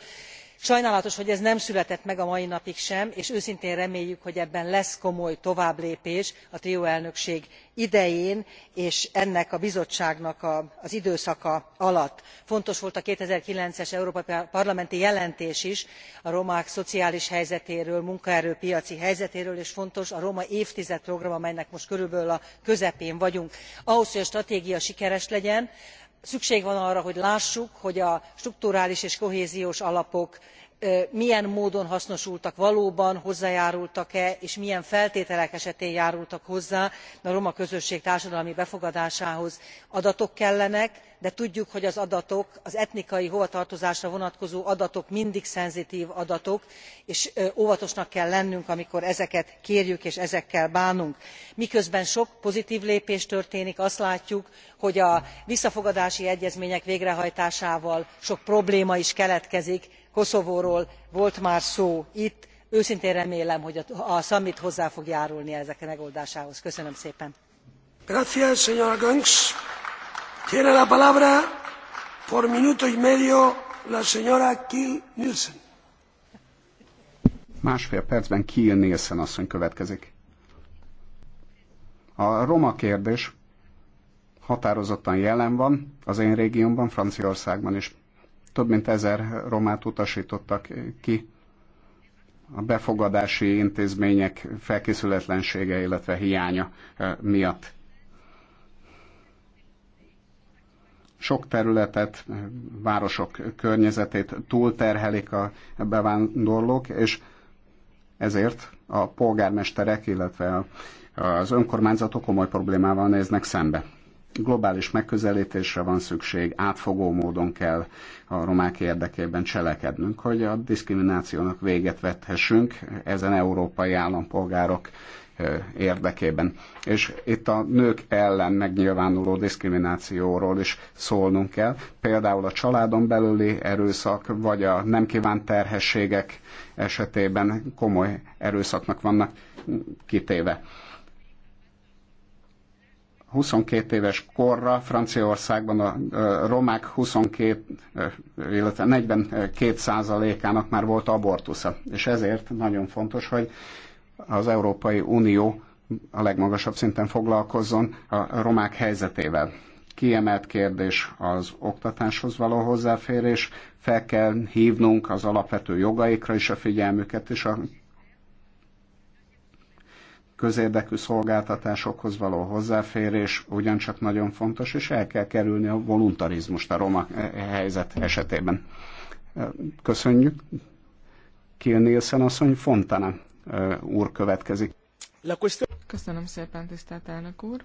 sajnálatos hogy ez nem született meg a mai napig sem és őszintén reméljük hogy ebben lesz komoly továbblépés a trió elnökség idején és ennek a bizottságnak az időszaka alatt. fontos volt a two thousand and nine es európai parlamenti jelentés is a romák szociális helyzetéről munkaerő piaci helyzetéről és fontos a roma évtized program amelynek most körülbelül a közepén vagyunk. ahhoz hogy a stratégia sikeres legyen szükség van arra hogy lássuk hogy a strukturális és kohéziós alapok milyen módon hasznosultak valóban hozzájárultak e és milyen feltételek esetén járultak hozzá a roma közösség társadalmi befogadásához. adatok kellenek de tudjuk hogy az adatok az etnikai hovatartozásra vonatkozó adatok mindig szenzitv adatok és óvatosnak kell lennünk amikor ezeket kérjük és ezekkel bánunk. miközben sok pozitv lépés történik azt látjuk hogy a visszafogadási egyezmények végrehajtásával sok probléma is keletkezik koszovóról volt már szó itt őszintén remélem hogy a summit hozzá fog járulni a megoldásához. köszönöm szépen! másfél percben kiil nielsen asszony következik. A roma kérdés határozottan jelen van az én régiómban, Franciaországban is több mint ezer romát utasítottak ki a befogadási intézmények felkészületlensége, illetve hiánya eh, miatt. Sok területet, eh, városok környezetét túlterhelik a bevándorlók, és ezért a polgármesterek, illetve az önkormányzatok komoly problémával néznek szembe globális megközelítésre van szükség, átfogó módon kell a romák érdekében cselekednünk, hogy a diszkriminációnak véget vethessünk ezen európai állampolgárok érdekében. És itt a nők ellen megnyilvánuló diszkriminációról is szólnunk kell. Például a családon belüli erőszak, vagy a nem kívánt terhességek esetében komoly erőszaknak vannak kitéve 22 éves korra Franciaországban a romák 22, illetve 42 százalékának már volt abortusza. És ezért nagyon fontos, hogy az Európai Unió a legmagasabb szinten foglalkozzon a romák helyzetével. Kiemelt kérdés az oktatáshoz való hozzáférés, fel kell hívnunk az alapvető jogaikra is a figyelmüket, és a közérdekű szolgáltatásokhoz való hozzáférés ugyancsak nagyon fontos, és el kell kerülni a voluntarizmust a roma eh, helyzet esetében. Eh, köszönjük. Kill Nielsen asszony, Fontana eh, úr következik. Köszönöm szépen, tisztelt elnök úr.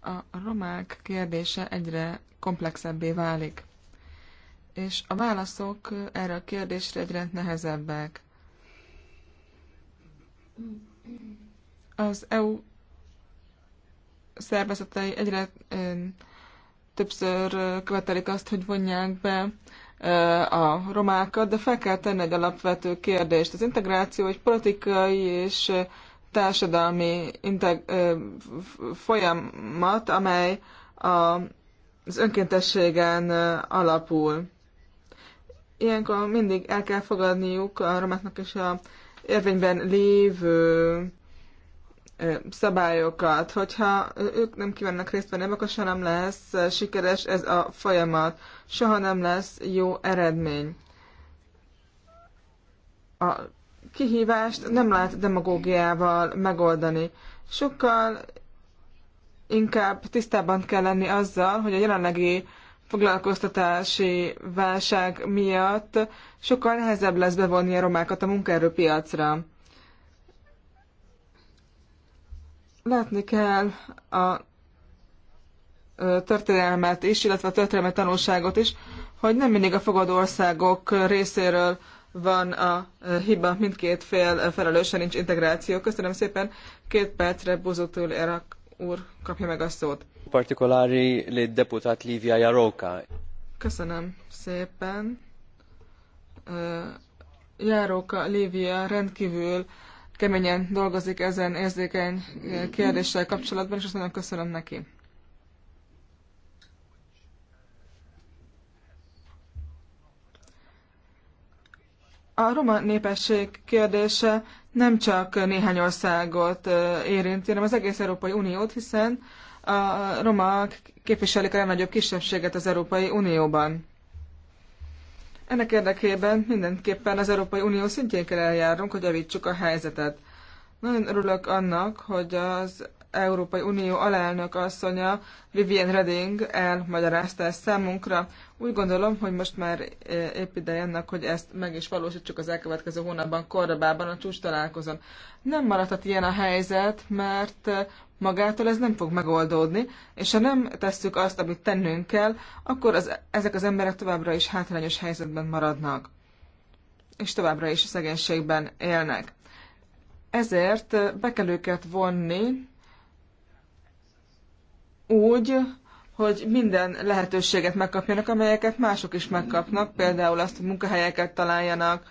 A romák kérdése egyre komplexebbé válik, és a válaszok erre a kérdésre egyre nehezebbek az EU szervezetei egyre többször követelik azt, hogy vonják be a romákat, de fel kell tenni egy alapvető kérdést. Az integráció egy politikai és társadalmi integ- folyamat, amely a, az önkéntességen alapul. Ilyenkor mindig el kell fogadniuk a romáknak és a érvényben lévő szabályokat. Hogyha ők nem kívánnak részt venni, akkor soha nem lesz sikeres ez a folyamat, soha nem lesz jó eredmény. A kihívást nem lehet demagógiával megoldani. Sokkal inkább tisztában kell lenni azzal, hogy a jelenlegi foglalkoztatási válság miatt sokkal nehezebb lesz bevonni a romákat a munkaerőpiacra. Látni kell a történelmet is, illetve a történelmi tanulságot is, hogy nem mindig a fogadó országok részéről van a hiba, mindkét fél felelősen nincs integráció. Köszönöm szépen, két percre Bozotól Erak úr kapja meg a szót. Partikolari lid deputat Livia Jaróka. Köszönöm szépen. Járóka Livia rendkívül keményen dolgozik ezen érzékeny kérdéssel kapcsolatban, és azt nagyon köszönöm neki. A roma népesség kérdése nem csak néhány országot érinti, hanem az egész Európai Uniót, hiszen a romák képviselik a legnagyobb kisebbséget az Európai Unióban. Ennek érdekében mindenképpen az Európai Unió szintjén kell eljárnunk, hogy javítsuk a helyzetet. Nagyon örülök annak, hogy az Európai Unió alelnök asszonya Vivian Reding elmagyarázta ezt számunkra. Úgy gondolom, hogy most már e, épp ideje annak, hogy ezt meg is valósítsuk az elkövetkező hónapban korábban a csúcs találkozón. Nem maradhat ilyen a helyzet, mert magától ez nem fog megoldódni, és ha nem tesszük azt, amit tennünk kell, akkor az, ezek az emberek továbbra is hátrányos helyzetben maradnak, és továbbra is szegénységben élnek. Ezért be kell őket vonni úgy, hogy minden lehetőséget megkapjanak, amelyeket mások is megkapnak, például azt, hogy munkahelyeket találjanak,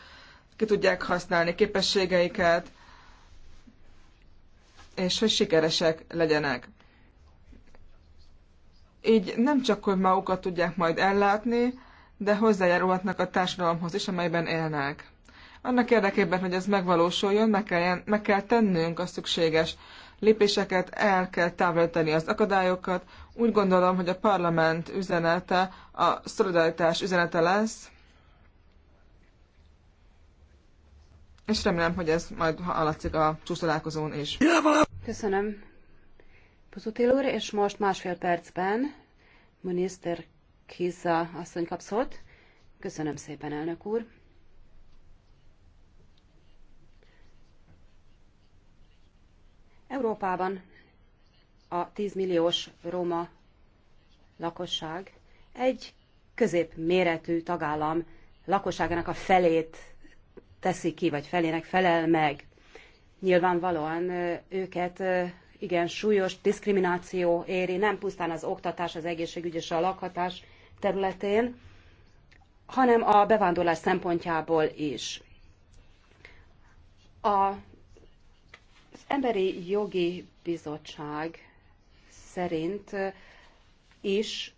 ki tudják használni képességeiket, és hogy sikeresek legyenek. Így nem csak, hogy magukat tudják majd ellátni, de hozzájárulhatnak a társadalomhoz is, amelyben élnek. Annak érdekében, hogy ez megvalósuljon, meg kell, meg kell tennünk a szükséges lépéseket, el kell távolítani az akadályokat. Úgy gondolom, hogy a parlament üzenete a szolidaritás üzenete lesz, és remélem, hogy ez majd hallatszik a csúsztalálkozón is. Köszönöm, Puzutil úr, és most másfél percben miniszter Kiza asszony kap szót. Köszönöm szépen, elnök úr. Európában a 10 milliós roma lakosság egy középméretű tagállam lakosságának a felét teszi ki, vagy felének felel meg nyilvánvalóan őket igen súlyos diszkrimináció éri, nem pusztán az oktatás, az egészségügy és a lakhatás területén, hanem a bevándorlás szempontjából is. A, az Emberi Jogi Bizottság szerint is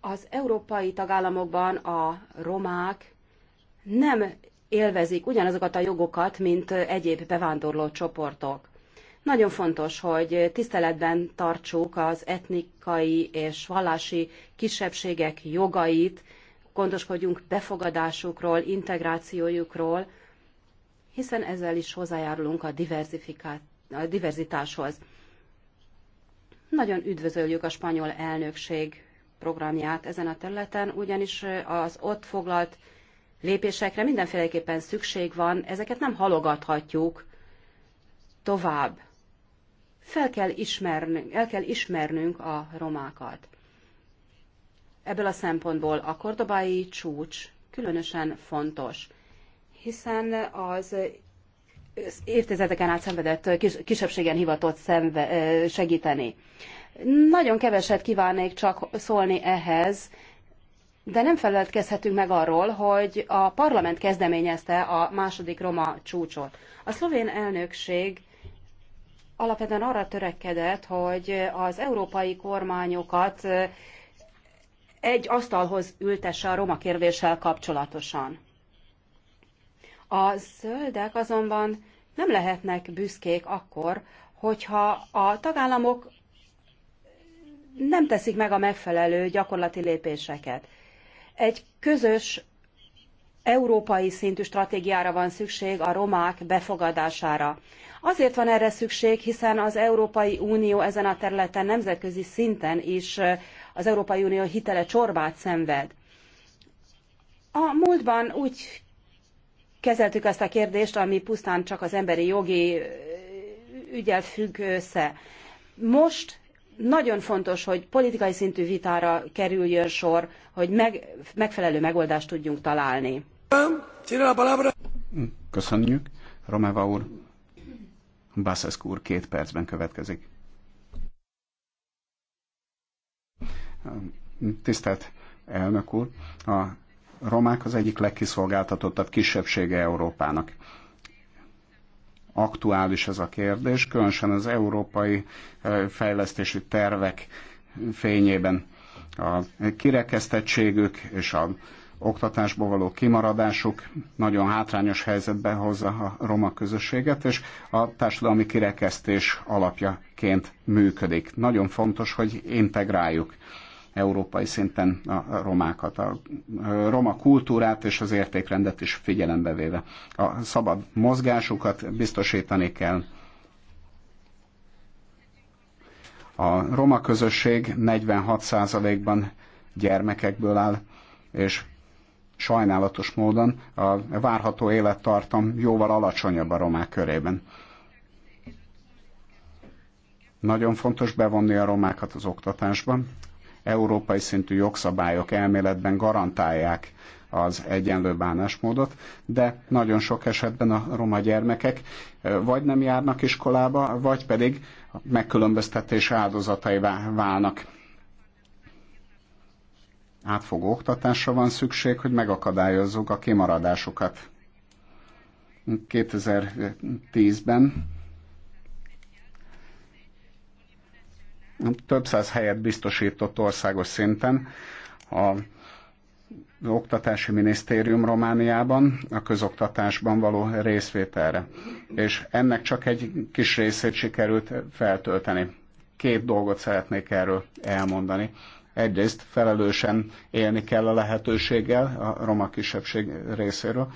az európai tagállamokban a romák nem élvezik ugyanazokat a jogokat, mint egyéb bevándorló csoportok. Nagyon fontos, hogy tiszteletben tartsuk az etnikai és vallási kisebbségek jogait, gondoskodjunk befogadásukról, integrációjukról, hiszen ezzel is hozzájárulunk a, a diverzitáshoz. Nagyon üdvözöljük a spanyol elnökség programját ezen a területen, ugyanis az ott foglalt lépésekre mindenféleképpen szükség van, ezeket nem halogathatjuk tovább. Fel kell ismernünk, el kell ismernünk a romákat. Ebből a szempontból a kordobái csúcs különösen fontos, hiszen az évtizedeken át szenvedett kisebbségen hivatott szenve, segíteni. Nagyon keveset kívánnék csak szólni ehhez, de nem feledkezhetünk meg arról, hogy a parlament kezdeményezte a második roma csúcsot. A szlovén elnökség alapvetően arra törekedett, hogy az európai kormányokat egy asztalhoz ültesse a roma kérdéssel kapcsolatosan. A zöldek azonban nem lehetnek büszkék akkor, hogyha a tagállamok nem teszik meg a megfelelő gyakorlati lépéseket. Egy közös európai szintű stratégiára van szükség a romák befogadására. Azért van erre szükség, hiszen az Európai Unió ezen a területen nemzetközi szinten is az Európai Unió hitele csorbát szenved. A múltban úgy kezeltük ezt a kérdést, ami pusztán csak az emberi jogi ügyel függ össze. Most nagyon fontos, hogy politikai szintű vitára kerüljön sor, hogy meg, megfelelő megoldást tudjunk találni. Köszönjük. Romeva úr, Baszeszk úr két percben következik. Tisztelt elnök úr, a romák az egyik legkiszolgáltatottabb kisebbsége Európának aktuális ez a kérdés, különösen az európai fejlesztési tervek fényében. A kirekesztettségük és a oktatásból való kimaradásuk nagyon hátrányos helyzetbe hozza a roma közösséget, és a társadalmi kirekesztés alapjaként működik. Nagyon fontos, hogy integráljuk európai szinten a romákat, a roma kultúrát és az értékrendet is figyelembe véve. A szabad mozgásukat biztosítani kell. A roma közösség 46%-ban gyermekekből áll, és sajnálatos módon a várható élettartam jóval alacsonyabb a romák körében. Nagyon fontos bevonni a romákat az oktatásban európai szintű jogszabályok elméletben garantálják az egyenlő bánásmódot, de nagyon sok esetben a roma gyermekek vagy nem járnak iskolába, vagy pedig megkülönböztetés áldozataivá válnak. Átfogó oktatásra van szükség, hogy megakadályozzuk a kimaradásukat. 2010-ben több száz helyet biztosított országos szinten a Oktatási Minisztérium Romániában a közoktatásban való részvételre. És ennek csak egy kis részét sikerült feltölteni. Két dolgot szeretnék erről elmondani. Egyrészt felelősen élni kell a lehetőséggel a roma kisebbség részéről,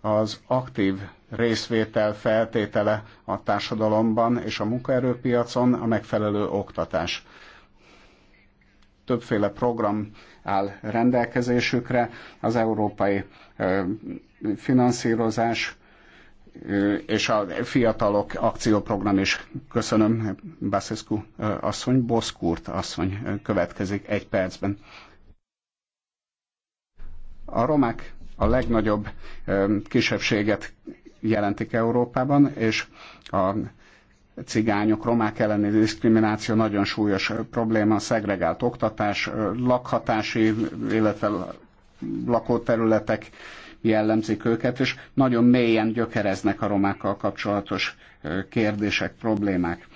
az aktív részvétel feltétele a társadalomban és a munkaerőpiacon a megfelelő oktatás. Többféle program áll rendelkezésükre, az európai finanszírozás és a fiatalok akcióprogram is. Köszönöm, Baszescu asszony, Boszkurt asszony következik egy percben. A romák a legnagyobb kisebbséget jelentik Európában, és a cigányok, romák elleni diszkrimináció nagyon súlyos probléma, szegregált oktatás, lakhatási, illetve lakóterületek jellemzik őket, és nagyon mélyen gyökereznek a romákkal kapcsolatos kérdések, problémák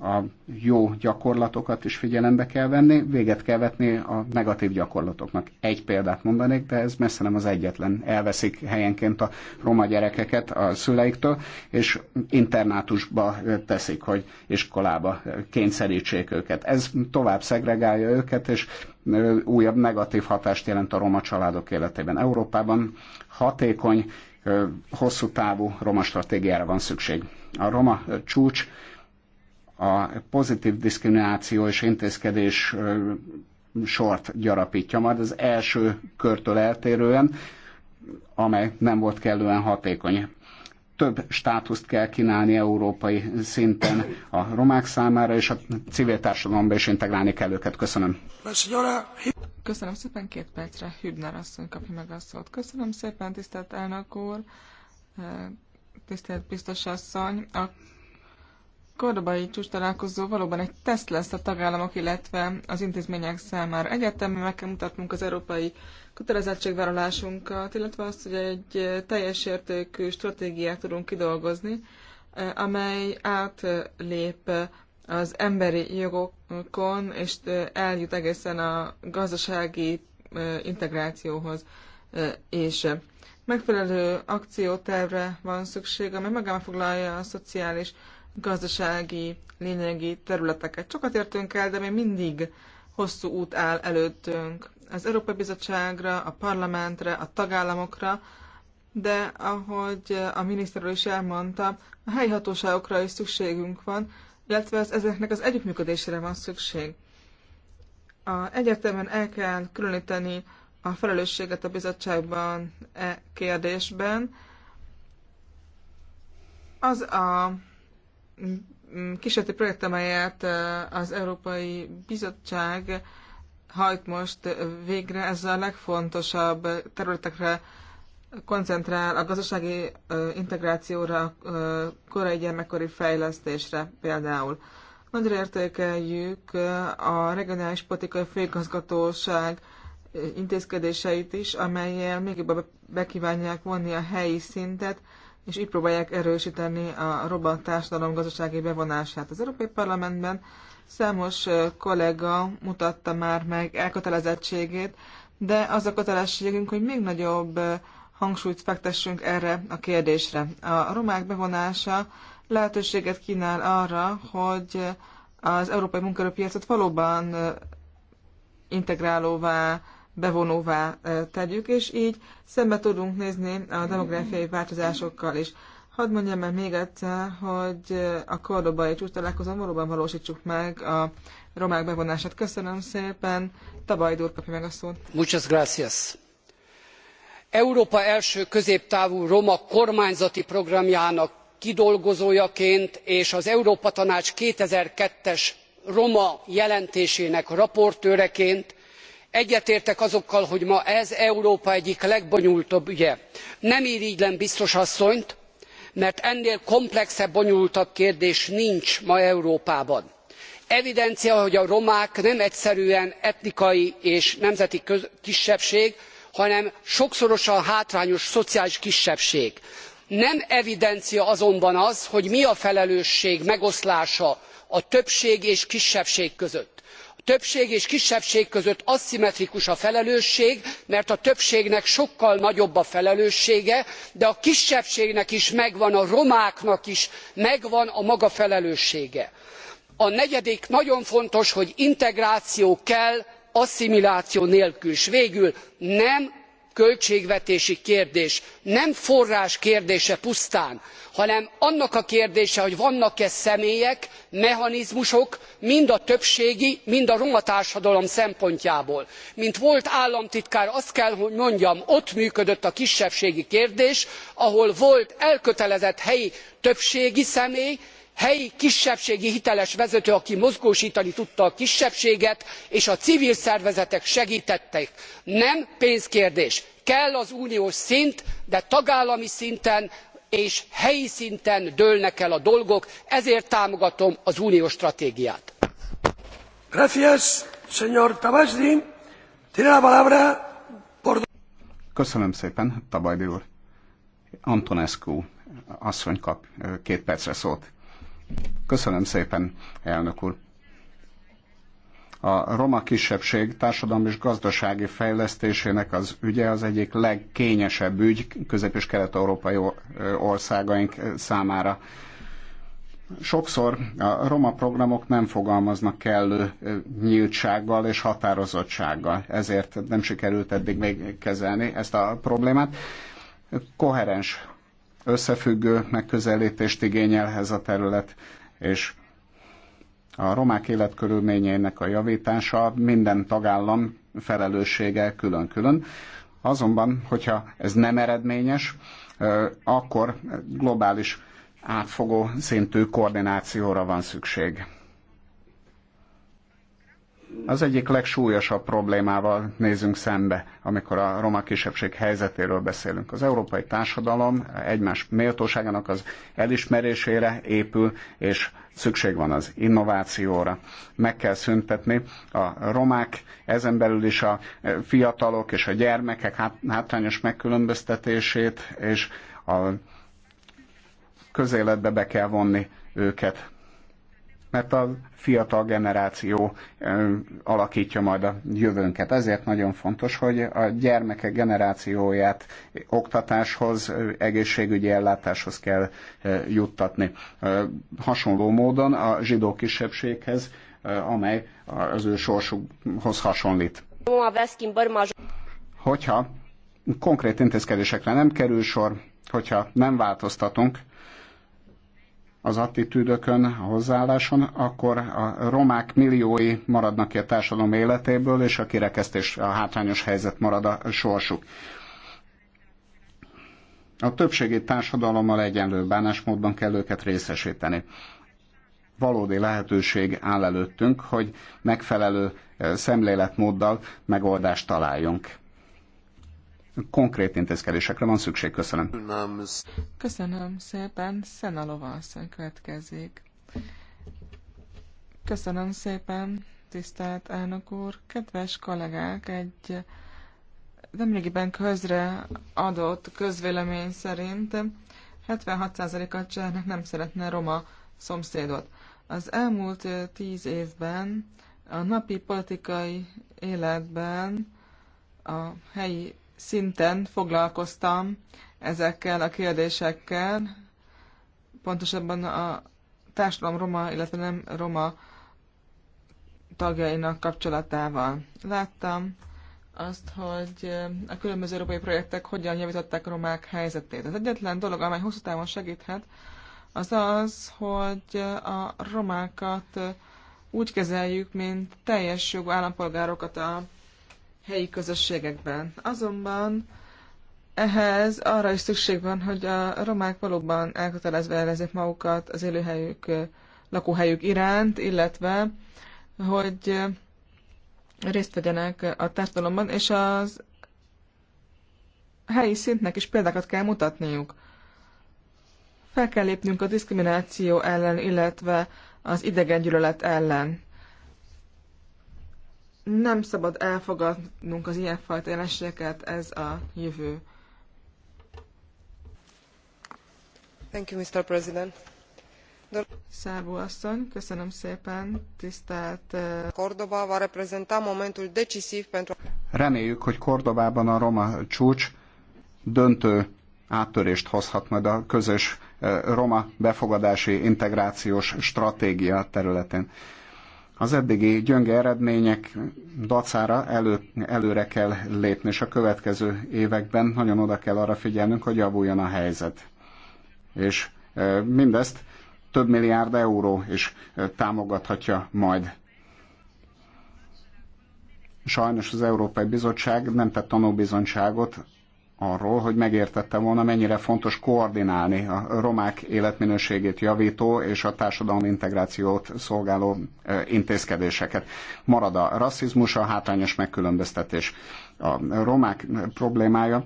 a jó gyakorlatokat is figyelembe kell venni, véget kell vetni a negatív gyakorlatoknak. Egy példát mondanék, de ez messze nem az egyetlen. Elveszik helyenként a roma gyerekeket a szüleiktől, és internátusba teszik, hogy iskolába kényszerítsék őket. Ez tovább szegregálja őket, és újabb negatív hatást jelent a roma családok életében. Európában hatékony, hosszú távú roma stratégiára van szükség. A roma csúcs a pozitív és intézkedés sort gyarapítja majd az első körtől eltérően, amely nem volt kellően hatékony. Több státuszt kell kínálni európai szinten a romák számára, és a civil társadalomba is integrálni kell őket. Köszönöm. Köszönöm szépen, két percre Hübner asszony kapja meg a szót. Köszönöm szépen, tisztelt elnök úr, tisztelt biztos asszony. A kordobai csúcs találkozó valóban egy teszt lesz a tagállamok, illetve az intézmények számára. Egyetemben meg kell mutatnunk az európai kötelezettségvállalásunkat, illetve azt, hogy egy teljes értékű stratégiát tudunk kidolgozni, amely átlép az emberi jogokon, és eljut egészen a gazdasági integrációhoz és megfelelő akciótervre van szükség, amely magában foglalja a szociális gazdasági lényegi területeket. Sokat értünk el, de még mindig hosszú út áll előttünk. Az Európai Bizottságra, a parlamentre, a tagállamokra, de ahogy a miniszterről is elmondta, a helyi hatóságokra is szükségünk van, illetve az, ezeknek az együttműködésére van szükség. A, egyértelműen el kell különíteni a felelősséget a bizottságban e kérdésben. Az a kísérleti projekt, amelyet az Európai Bizottság hajt most végre, ez a legfontosabb területekre koncentrál a gazdasági integrációra, a korai gyermekkori fejlesztésre például. Nagyra értékeljük a regionális politikai főigazgatóság intézkedéseit is, amelyel még jobban bekívánják vonni a helyi szintet, és így próbálják erősíteni a robbant társadalom gazdasági bevonását. Az Európai Parlamentben számos kollega mutatta már meg elkötelezettségét, de az a kötelességünk, hogy még nagyobb hangsúlyt fektessünk erre a kérdésre. A romák bevonása lehetőséget kínál arra, hogy az európai munkaerőpiacot valóban integrálóvá bevonóvá tegyük, és így szembe tudunk nézni a demográfiai változásokkal is. Hadd mondjam el még egyszer, hogy a kordobai csúcs találkozón valóban valósítsuk meg a romák bevonását. Köszönöm szépen. Tabaj Dur kapja meg a szót. Muchas gracias. Európa első középtávú roma kormányzati programjának kidolgozójaként és az Európa Tanács 2002-es roma jelentésének raportőreként egyetértek azokkal hogy ma ez európa egyik legbonyolultabb ügye. nem irigylem biztos asszonyt mert ennél komplexebb bonyolultabb kérdés nincs ma európában. evidencia hogy a romák nem egyszerűen etnikai és nemzeti kisebbség hanem sokszorosan hátrányos szociális kisebbség. nem evidencia azonban az hogy mi a felelősség megoszlása a többség és kisebbség között többség és kisebbség között aszimmetrikus a felelősség mert a többségnek sokkal nagyobb a felelőssége de a kisebbségnek is megvan a romáknak is megvan a maga felelőssége. a negyedik nagyon fontos hogy integráció kell asszimiláció nélkül. s végül nem költségvetési kérdés nem forrás kérdése pusztán hanem annak a kérdése hogy vannak e személyek mechanizmusok mind a többségi mind a roma társadalom szempontjából. mint volt államtitkár azt kell hogy mondjam ott működött a kisebbségi kérdés ahol volt elkötelezett helyi többségi személy helyi kisebbségi hiteles vezető aki mozgóstani tudta a kisebbséget és a civil szervezetek segtettek. nem pénzkérdés kell az uniós szint de tagállami szinten és helyi szinten dőlnek el a dolgok ezért támogatom az uniós stratégiát. Köszönöm szépen, elnök úr. A roma kisebbség társadalmi és gazdasági fejlesztésének az ügye az egyik legkényesebb ügy közép- és kelet-európai országaink számára. Sokszor a roma programok nem fogalmaznak kellő nyíltsággal és határozottsággal, ezért nem sikerült eddig még kezelni ezt a problémát. Koherens összefüggő megközelítést igényelhez a terület, és a romák életkörülményeinek a javítása minden tagállam felelőssége külön-külön. Azonban, hogyha ez nem eredményes, akkor globális átfogó szintű koordinációra van szükség. Az egyik legsúlyosabb problémával nézünk szembe, amikor a roma kisebbség helyzetéről beszélünk. Az európai társadalom egymás méltóságának az elismerésére épül, és szükség van az innovációra. Meg kell szüntetni a romák, ezen belül is a fiatalok és a gyermekek hát, hátrányos megkülönböztetését, és a közéletbe be kell vonni őket mert a fiatal generáció alakítja majd a jövőnket. Ezért nagyon fontos, hogy a gyermekek generációját oktatáshoz, egészségügyi ellátáshoz kell juttatni. Hasonló módon a zsidó kisebbséghez, amely az ő sorsukhoz hasonlít. Hogyha konkrét intézkedésekre nem kerül sor, hogyha nem változtatunk, az attitűdökön, a hozzáálláson, akkor a romák milliói maradnak ki a társadalom életéből, és a kirekesztés, a hátrányos helyzet marad a sorsuk. A többségi társadalommal egyenlő bánásmódban kell őket részesíteni. Valódi lehetőség áll előttünk, hogy megfelelő eh, szemléletmóddal megoldást találjunk konkrét intézkedésekre van szükség. Köszönöm. Köszönöm szépen. Szena Lovalszony következik. Köszönöm szépen, tisztelt elnök úr. Kedves kollégák, egy nemrégiben közre adott közvélemény szerint 76%-a csehnek nem szeretne roma szomszédot. Az elmúlt tíz évben a napi politikai életben a helyi szinten foglalkoztam ezekkel a kérdésekkel, pontosabban a társadalom roma, illetve nem roma tagjainak kapcsolatával. Láttam azt, hogy a különböző európai projektek hogyan javították a romák helyzetét. Az egyetlen dolog, amely hosszú távon segíthet, az az, hogy a romákat úgy kezeljük, mint teljes jogú állampolgárokat a helyi közösségekben. Azonban ehhez arra is szükség van, hogy a romák valóban elkötelezve elvezik magukat az élőhelyük, lakóhelyük iránt, illetve hogy részt vegyenek a társadalomban, és az helyi szintnek is példákat kell mutatniuk. Fel kell lépnünk a diszkrimináció ellen, illetve az idegengyűlölet ellen nem szabad elfogadnunk az ilyenfajta jelenségeket, ez a jövő. Thank you, Mr. President. Szávú asszony, köszönöm szépen, tisztelt... Cordoba va reprezenta momentul decisiv pentru... Reméljük, hogy Kordobában a roma csúcs döntő áttörést hozhat majd a közös roma befogadási integrációs stratégia területén. Az eddigi gyönge eredmények dacára elő, előre kell lépni, és a következő években nagyon oda kell arra figyelnünk, hogy javuljon a helyzet. És mindezt több milliárd euró is támogathatja majd. Sajnos az Európai Bizottság nem tett tanúbizonyságot arról, hogy megértette volna, mennyire fontos koordinálni a romák életminőségét javító és a társadalmi integrációt szolgáló intézkedéseket. Marad a rasszizmus, a hátrányos megkülönböztetés. A romák problémája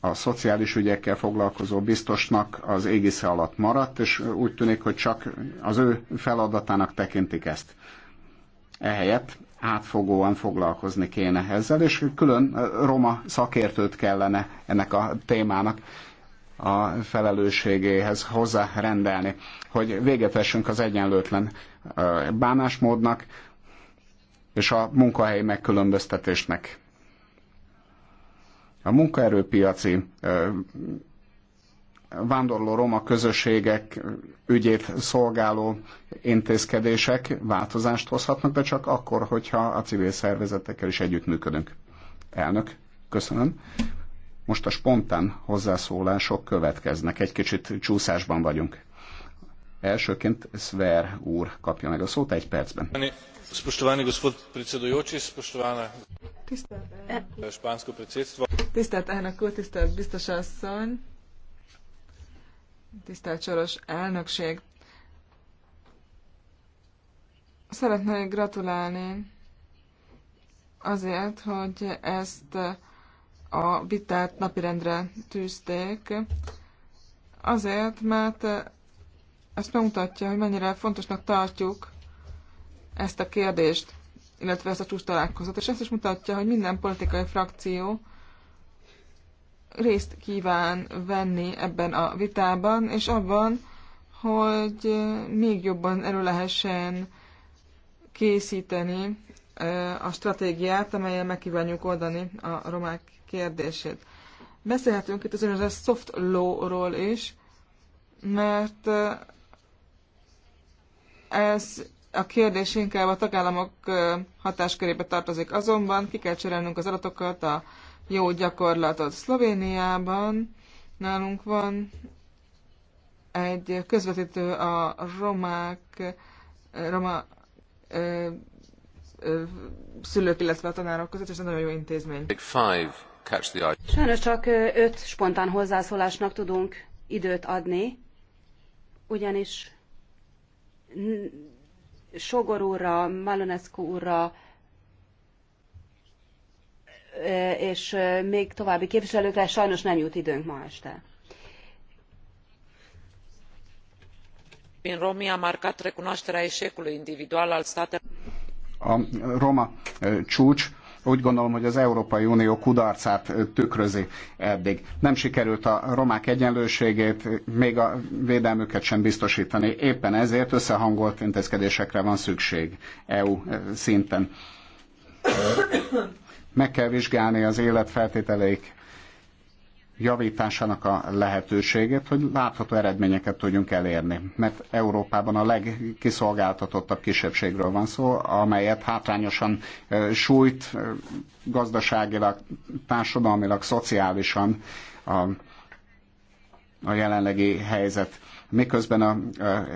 a szociális ügyekkel foglalkozó biztosnak az égisze alatt maradt, és úgy tűnik, hogy csak az ő feladatának tekintik ezt. Ehelyett átfogóan foglalkozni kéne ezzel, és külön roma szakértőt kellene ennek a témának a felelősségéhez hozzárendelni, hogy véget vessünk az egyenlőtlen bánásmódnak és a munkahelyi megkülönböztetésnek. A munkaerőpiaci vándorló roma közösségek ügyét szolgáló intézkedések változást hozhatnak, de csak akkor, hogyha a civil szervezetekkel is együttműködünk. Elnök, köszönöm. Most a spontán hozzászólások következnek. Egy kicsit csúszásban vagyunk. Elsőként Szver úr kapja meg a szót egy percben. tisztelt elnök úr, tisztelt biztos asszony, tisztelt Soros elnökség! Szeretnék gratulálni azért, hogy ezt a vitát napirendre tűzték, azért, mert ezt megmutatja, hogy mennyire fontosnak tartjuk ezt a kérdést, illetve ezt a csúcs találkozót, és ezt is mutatja, hogy minden politikai frakció részt kíván venni ebben a vitában, és abban, hogy még jobban elő lehessen készíteni a stratégiát, amelyen meg kívánjuk oldani a romák kérdését. Beszélhetünk itt az úgynevezett soft law-ról is, mert ez a kérdés inkább a tagállamok hatáskörébe tartozik. Azonban ki kell cserélnünk az adatokat, a jó gyakorlatot. Szlovéniában nálunk van egy közvetítő a romák, roma ö, ö, szülők, illetve a tanárok között, és ez nagyon jó intézmény. Sajnos csak öt spontán hozzászólásnak tudunk időt adni, ugyanis Sogor úrra, Malonescu úrra, és még további képviselőkre sajnos nem jut időnk ma este. Prin Romia a marcat recunoașterea eșecului individual al statelor. A Roma csúcs úgy gondolom, hogy az Európai Unió kudarcát tükrözi eddig. Nem sikerült a romák egyenlőségét, még a védelmüket sem biztosítani. Éppen ezért összehangolt intézkedésekre van szükség EU szinten. Meg kell vizsgálni az életfeltételeik javításának a lehetőségét, hogy látható eredményeket tudjunk elérni. Mert Európában a legkiszolgáltatottabb kisebbségről van szó, amelyet hátrányosan sújt gazdaságilag, társadalmilag, szociálisan a, a jelenlegi helyzet. Miközben a, a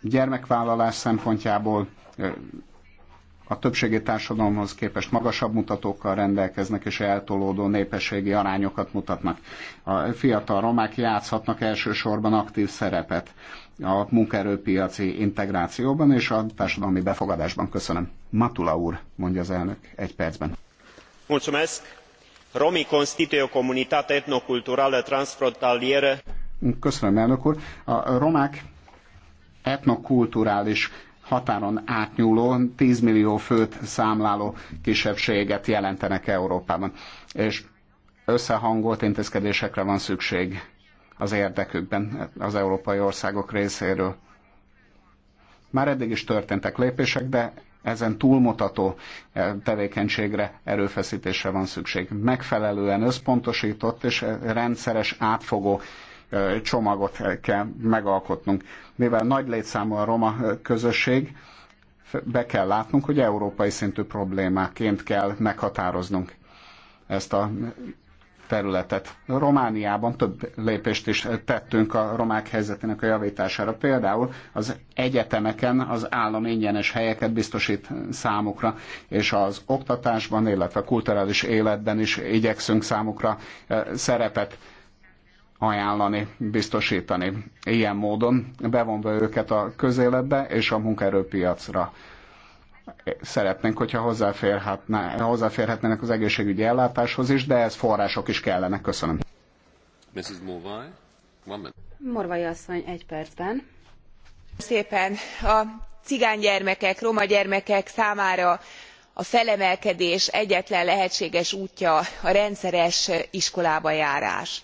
gyermekvállalás szempontjából a többségi társadalomhoz képest magasabb mutatókkal rendelkeznek és eltolódó népességi arányokat mutatnak. A fiatal romák játszhatnak elsősorban aktív szerepet a munkaerőpiaci integrációban és a társadalmi befogadásban. Köszönöm. Matula úr, mondja az elnök egy percben. Mulțumesc. Romi constituie o comunitate etnoculturală transfrontalieră. Köszönöm, elnök úr. A romák etnokulturális határon átnyúló, 10 millió főt számláló kisebbséget jelentenek Európában. És összehangolt intézkedésekre van szükség az érdekükben az európai országok részéről. Már eddig is történtek lépések, de ezen túlmutató eh, tevékenységre, erőfeszítésre van szükség. Megfelelően összpontosított és eh, rendszeres átfogó csomagot kell megalkotnunk. Mivel nagy létszámú a roma közösség, be kell látnunk, hogy európai szintű problémáként kell meghatároznunk ezt a területet. Romániában több lépést is tettünk a romák helyzetének a javítására. Például az egyetemeken az állam ingyenes helyeket biztosít számukra, és az oktatásban, illetve a kulturális életben is igyekszünk számukra szerepet ajánlani, biztosítani. Ilyen módon bevonva őket a közéletbe és a munkaerőpiacra. Szeretnénk, hogyha hozzáférhetnének az egészségügyi ellátáshoz is, de ez források is kellene Köszönöm. Mrs. Morvai, one Morvai asszony, egy percben. Szépen a cigány gyermekek, roma gyermekek számára a felemelkedés egyetlen lehetséges útja a rendszeres iskolába járás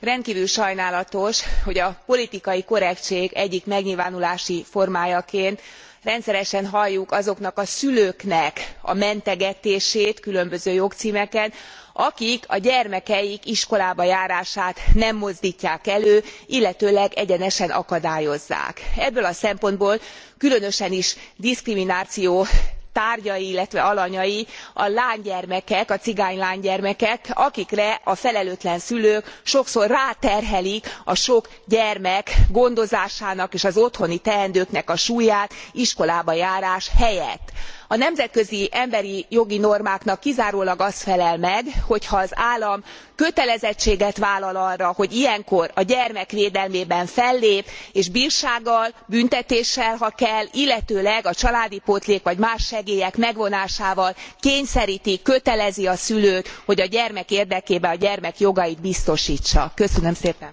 rendkvül sajnálatos hogy a politikai korrektség egyik megnyilvánulási formájaként rendszeresen halljuk azoknak a szülőknek a mentegetését különböző jogcmeken akik a gyermekeik iskolába járását nem mozdtják elő illetőleg egyenesen akadályozzák. ebből a szempontból különösen is diszkrimináció tárgyai illetve alanyai a lánygyermekek a cigány lánygyermekek akikre a felelőtlen szülők sokszor ráterhelik a sok gyermek gondozásának és az otthoni teendőknek a súlyát iskolába járás helyett a nemzetközi emberi jogi normáknak kizárólag az felel meg ha az állam kötelezettséget vállal arra hogy ilyenkor a gyermek védelmében fellép és brsággal büntetéssel ha kell illetőleg a családi pótlék vagy más segélyek megvonásával kényszerti kötelezi a szülőt hogy a gyermek érdekében a gyermek jogait biztostsa. köszönöm szépen!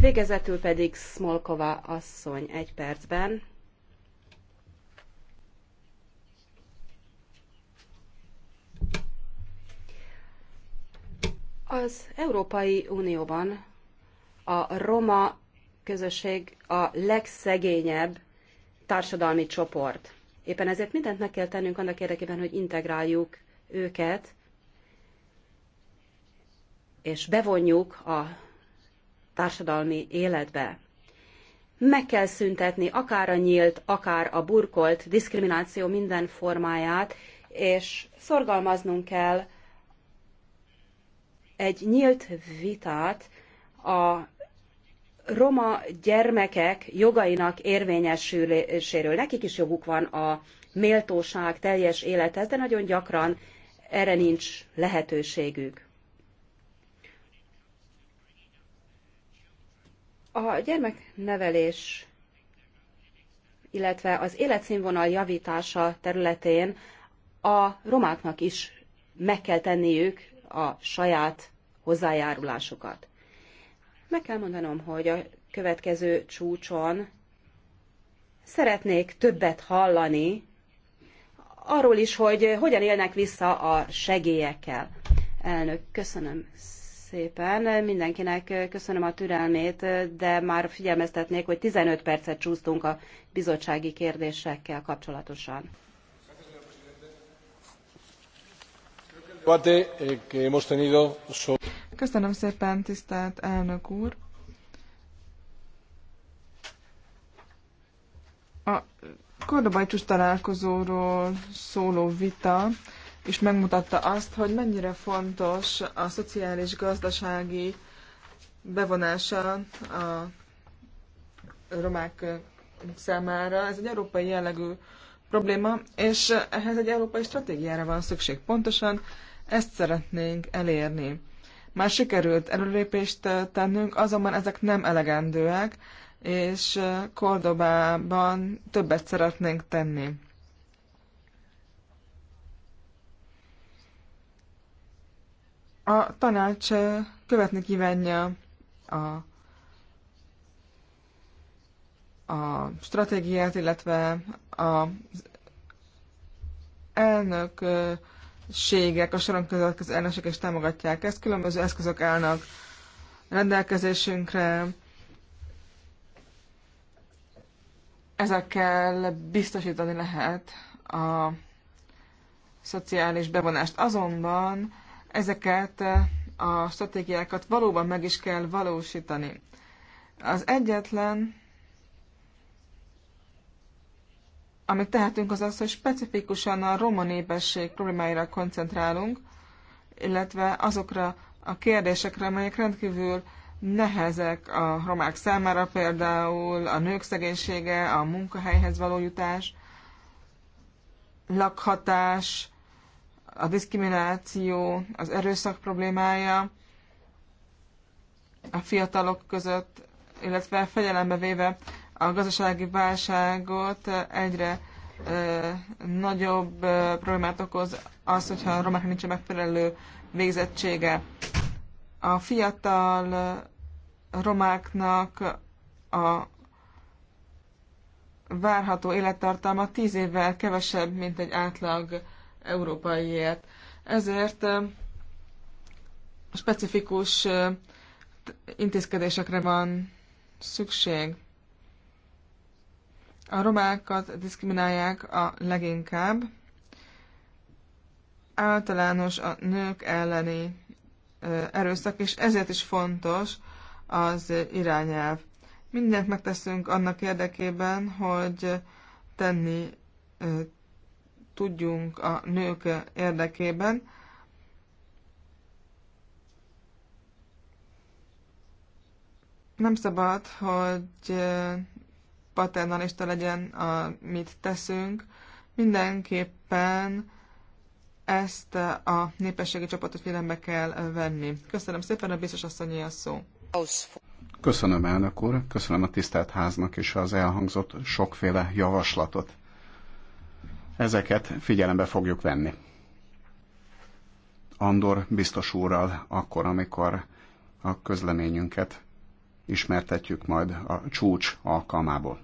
Végezetül pedig Smolkova asszony egy percben. Az Európai Unióban a roma közösség a legszegényebb társadalmi csoport. Éppen ezért mindent meg kell tennünk annak érdekében, hogy integráljuk őket, és bevonjuk a társadalmi életbe. Meg kell szüntetni akár a nyílt, akár a burkolt diszkrimináció minden formáját, és szorgalmaznunk kell egy nyílt vitát a roma gyermekek jogainak érvényesüléséről. Nekik is joguk van a méltóság teljes élethez, de nagyon gyakran erre nincs lehetőségük. A gyermeknevelés, illetve az életszínvonal javítása területén a romáknak is meg kell tenniük a saját hozzájárulásukat. Meg kell mondanom, hogy a következő csúcson szeretnék többet hallani arról is, hogy hogyan élnek vissza a segélyekkel. Elnök, köszönöm szépen. Mindenkinek köszönöm a türelmét, de már figyelmeztetnék, hogy 15 percet csúsztunk a bizottsági kérdésekkel kapcsolatosan. Eh, köszönöm szépen, tisztelt elnök úr! A kordobai találkozóról szóló vita és megmutatta azt, hogy mennyire fontos a szociális gazdasági bevonása a romák számára. Ez egy európai jellegű probléma, és ehhez egy európai stratégiára van szükség. Pontosan ezt szeretnénk elérni. Már sikerült előrépést tennünk, azonban ezek nem elegendőek, és Kordobában többet szeretnénk tenni. a tanács követni kívánja a a stratégiát, illetve az elnökségek, a soron következő elnökség is támogatják ezt. Különböző eszközök állnak rendelkezésünkre. Ezekkel biztosítani lehet a szociális bevonást. Azonban ezeket eh, a stratégiákat valóban meg is kell valósítani. Az egyetlen, amit tehetünk, az az, hogy specifikusan a roma népesség problémáira koncentrálunk, illetve azokra a kérdésekre, amelyek rendkívül nehezek a romák számára, például a nők szegénysége, a munkahelyhez való jutás, lakhatás, a diszkrimináció, az erőszak problémája a fiatalok között, illetve fegyelembe véve a gazdasági válságot egyre ö, nagyobb ö, problémát okoz az, hogyha a romák nincs megfelelő végzettsége. A fiatal romáknak a várható élettartalma tíz évvel kevesebb, mint egy átlag európaiért. Ezért specifikus intézkedésekre van szükség. A romákat diszkriminálják a leginkább. Általános a nők elleni erőszak, és ezért is fontos az irányelv. Mindent megteszünk annak érdekében, hogy tenni tudjunk a nők érdekében. Nem szabad, hogy paternalista legyen, amit teszünk. Mindenképpen ezt a népességi csapatot figyelembe kell venni. Köszönöm szépen, a biztos asszonyi a szó. Köszönöm, elnök úr, köszönöm a tisztelt háznak és az elhangzott sokféle javaslatot. Ezeket figyelembe fogjuk venni. Andor biztos úrral akkor, amikor a közleményünket ismertetjük majd a csúcs alkalmából.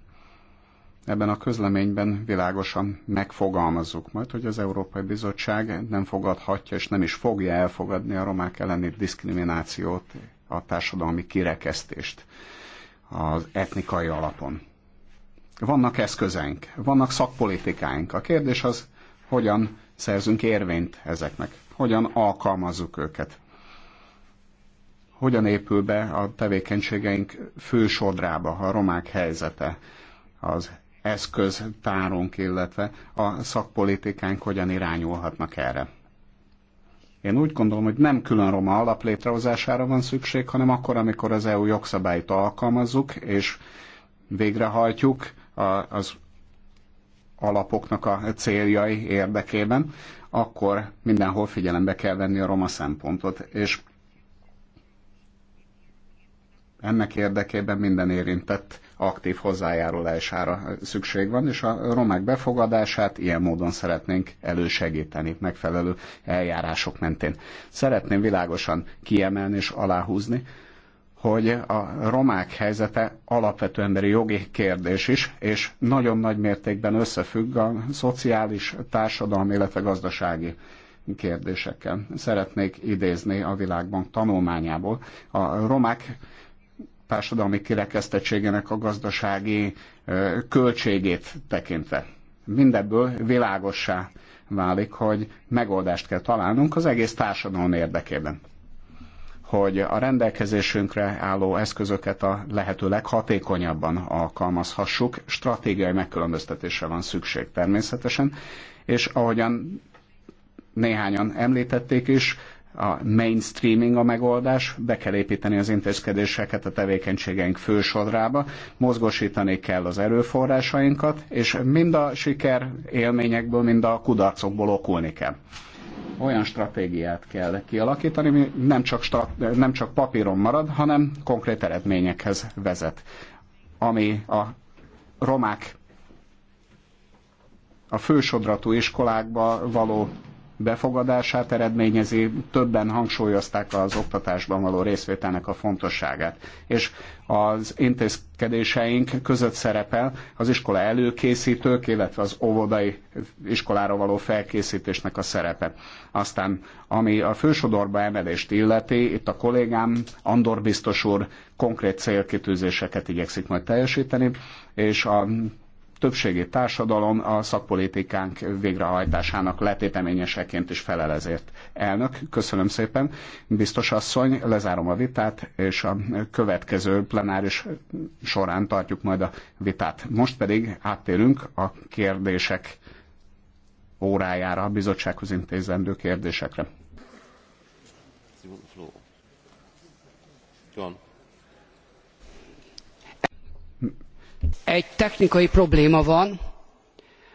Ebben a közleményben világosan megfogalmazzuk majd, hogy az Európai Bizottság nem fogadhatja és nem is fogja elfogadni a romák elleni diszkriminációt, a társadalmi kirekesztést az etnikai alapon vannak eszközeink, vannak szakpolitikáink. A kérdés az, hogyan szerzünk érvényt ezeknek, hogyan alkalmazzuk őket, hogyan épül be a tevékenységeink fő sodrába a romák helyzete, az eszköztárunk, illetve a szakpolitikánk hogyan irányulhatnak erre. Én úgy gondolom, hogy nem külön roma alap létrehozására van szükség, hanem akkor, amikor az EU jogszabályt alkalmazzuk és végrehajtjuk, az alapoknak a céljai érdekében, akkor mindenhol figyelembe kell venni a roma szempontot, és ennek érdekében minden érintett aktív hozzájárulására szükség van, és a romák befogadását ilyen módon szeretnénk elősegíteni, megfelelő eljárások mentén. Szeretném világosan kiemelni és aláhúzni, hogy a romák helyzete alapvető emberi jogi kérdés is, és nagyon nagy mértékben összefügg a szociális, társadalmi, illetve gazdasági kérdésekkel. Szeretnék idézni a világbank tanulmányából. A romák társadalmi kirekesztettségének a gazdasági költségét tekintve. Mindebből világossá válik, hogy megoldást kell találnunk az egész társadalom érdekében hogy a rendelkezésünkre álló eszközöket a lehető leghatékonyabban alkalmazhassuk. Stratégiai megkülönböztetésre van szükség természetesen, és ahogyan néhányan említették is, a mainstreaming a megoldás, be kell építeni az intézkedéseket a tevékenységeink fősodrába, mozgosítani kell az erőforrásainkat, és mind a siker élményekből, mind a kudarcokból okulni kell olyan stratégiát kell kialakítani, ami nem csak, strat- nem csak papíron marad, hanem konkrét eredményekhez vezet, ami a romák a fősodratú iskolákba való befogadását eredményezi, többen hangsúlyozták az oktatásban való részvételnek a fontosságát. És az intézkedéseink között szerepel az iskola előkészítők, illetve az óvodai iskolára való felkészítésnek a szerepe. Aztán, ami a fősodorba emelést illeti, itt a kollégám Andor biztos úr konkrét célkitűzéseket igyekszik majd teljesíteni, és a többségi társadalom a szakpolitikánk végrehajtásának letéteményeseként is felel ezért. Elnök, köszönöm szépen. Biztos asszony, lezárom a vitát, és a következő plenáris során tartjuk majd a vitát. Most pedig áttérünk a kérdések órájára, a bizottsághoz intézendő kérdésekre. John. Egy technikai probléma van.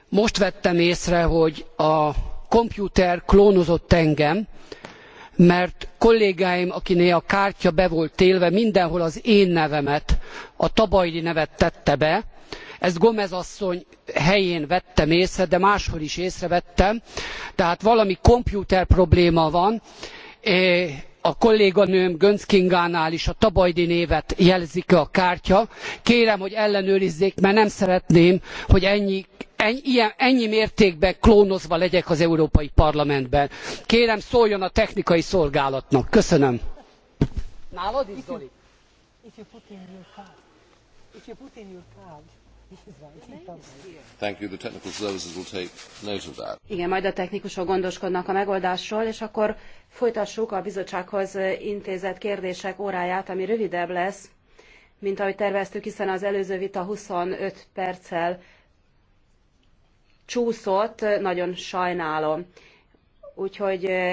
Most vettem észre, hogy a komputer klónozott engem, mert kollégáim, akinél a kártya be volt télve, mindenhol az én nevemet, a Tabajdi nevet tette be. Ezt Gomez asszony helyén vettem észre, de máshol is észrevettem. Tehát valami komputer probléma van a kolléganőm göncz kingánál is a tabajdi névet jelzi ki a kártya kérem hogy ellenőrizzék mert nem szeretném hogy ennyi mértékben klónozva legyek az európai parlamentben. kérem szóljon a technikai szolgálatnak. köszönöm. Thank you. The technical services will take note of that. Igen, majd a technikusok gondoskodnak a megoldásról, és akkor folytassuk a bizottsághoz intézett kérdések óráját, ami rövidebb lesz, mint ahogy terveztük, hiszen az előző vita 25 perccel csúszott, nagyon sajnálom. Úgyhogy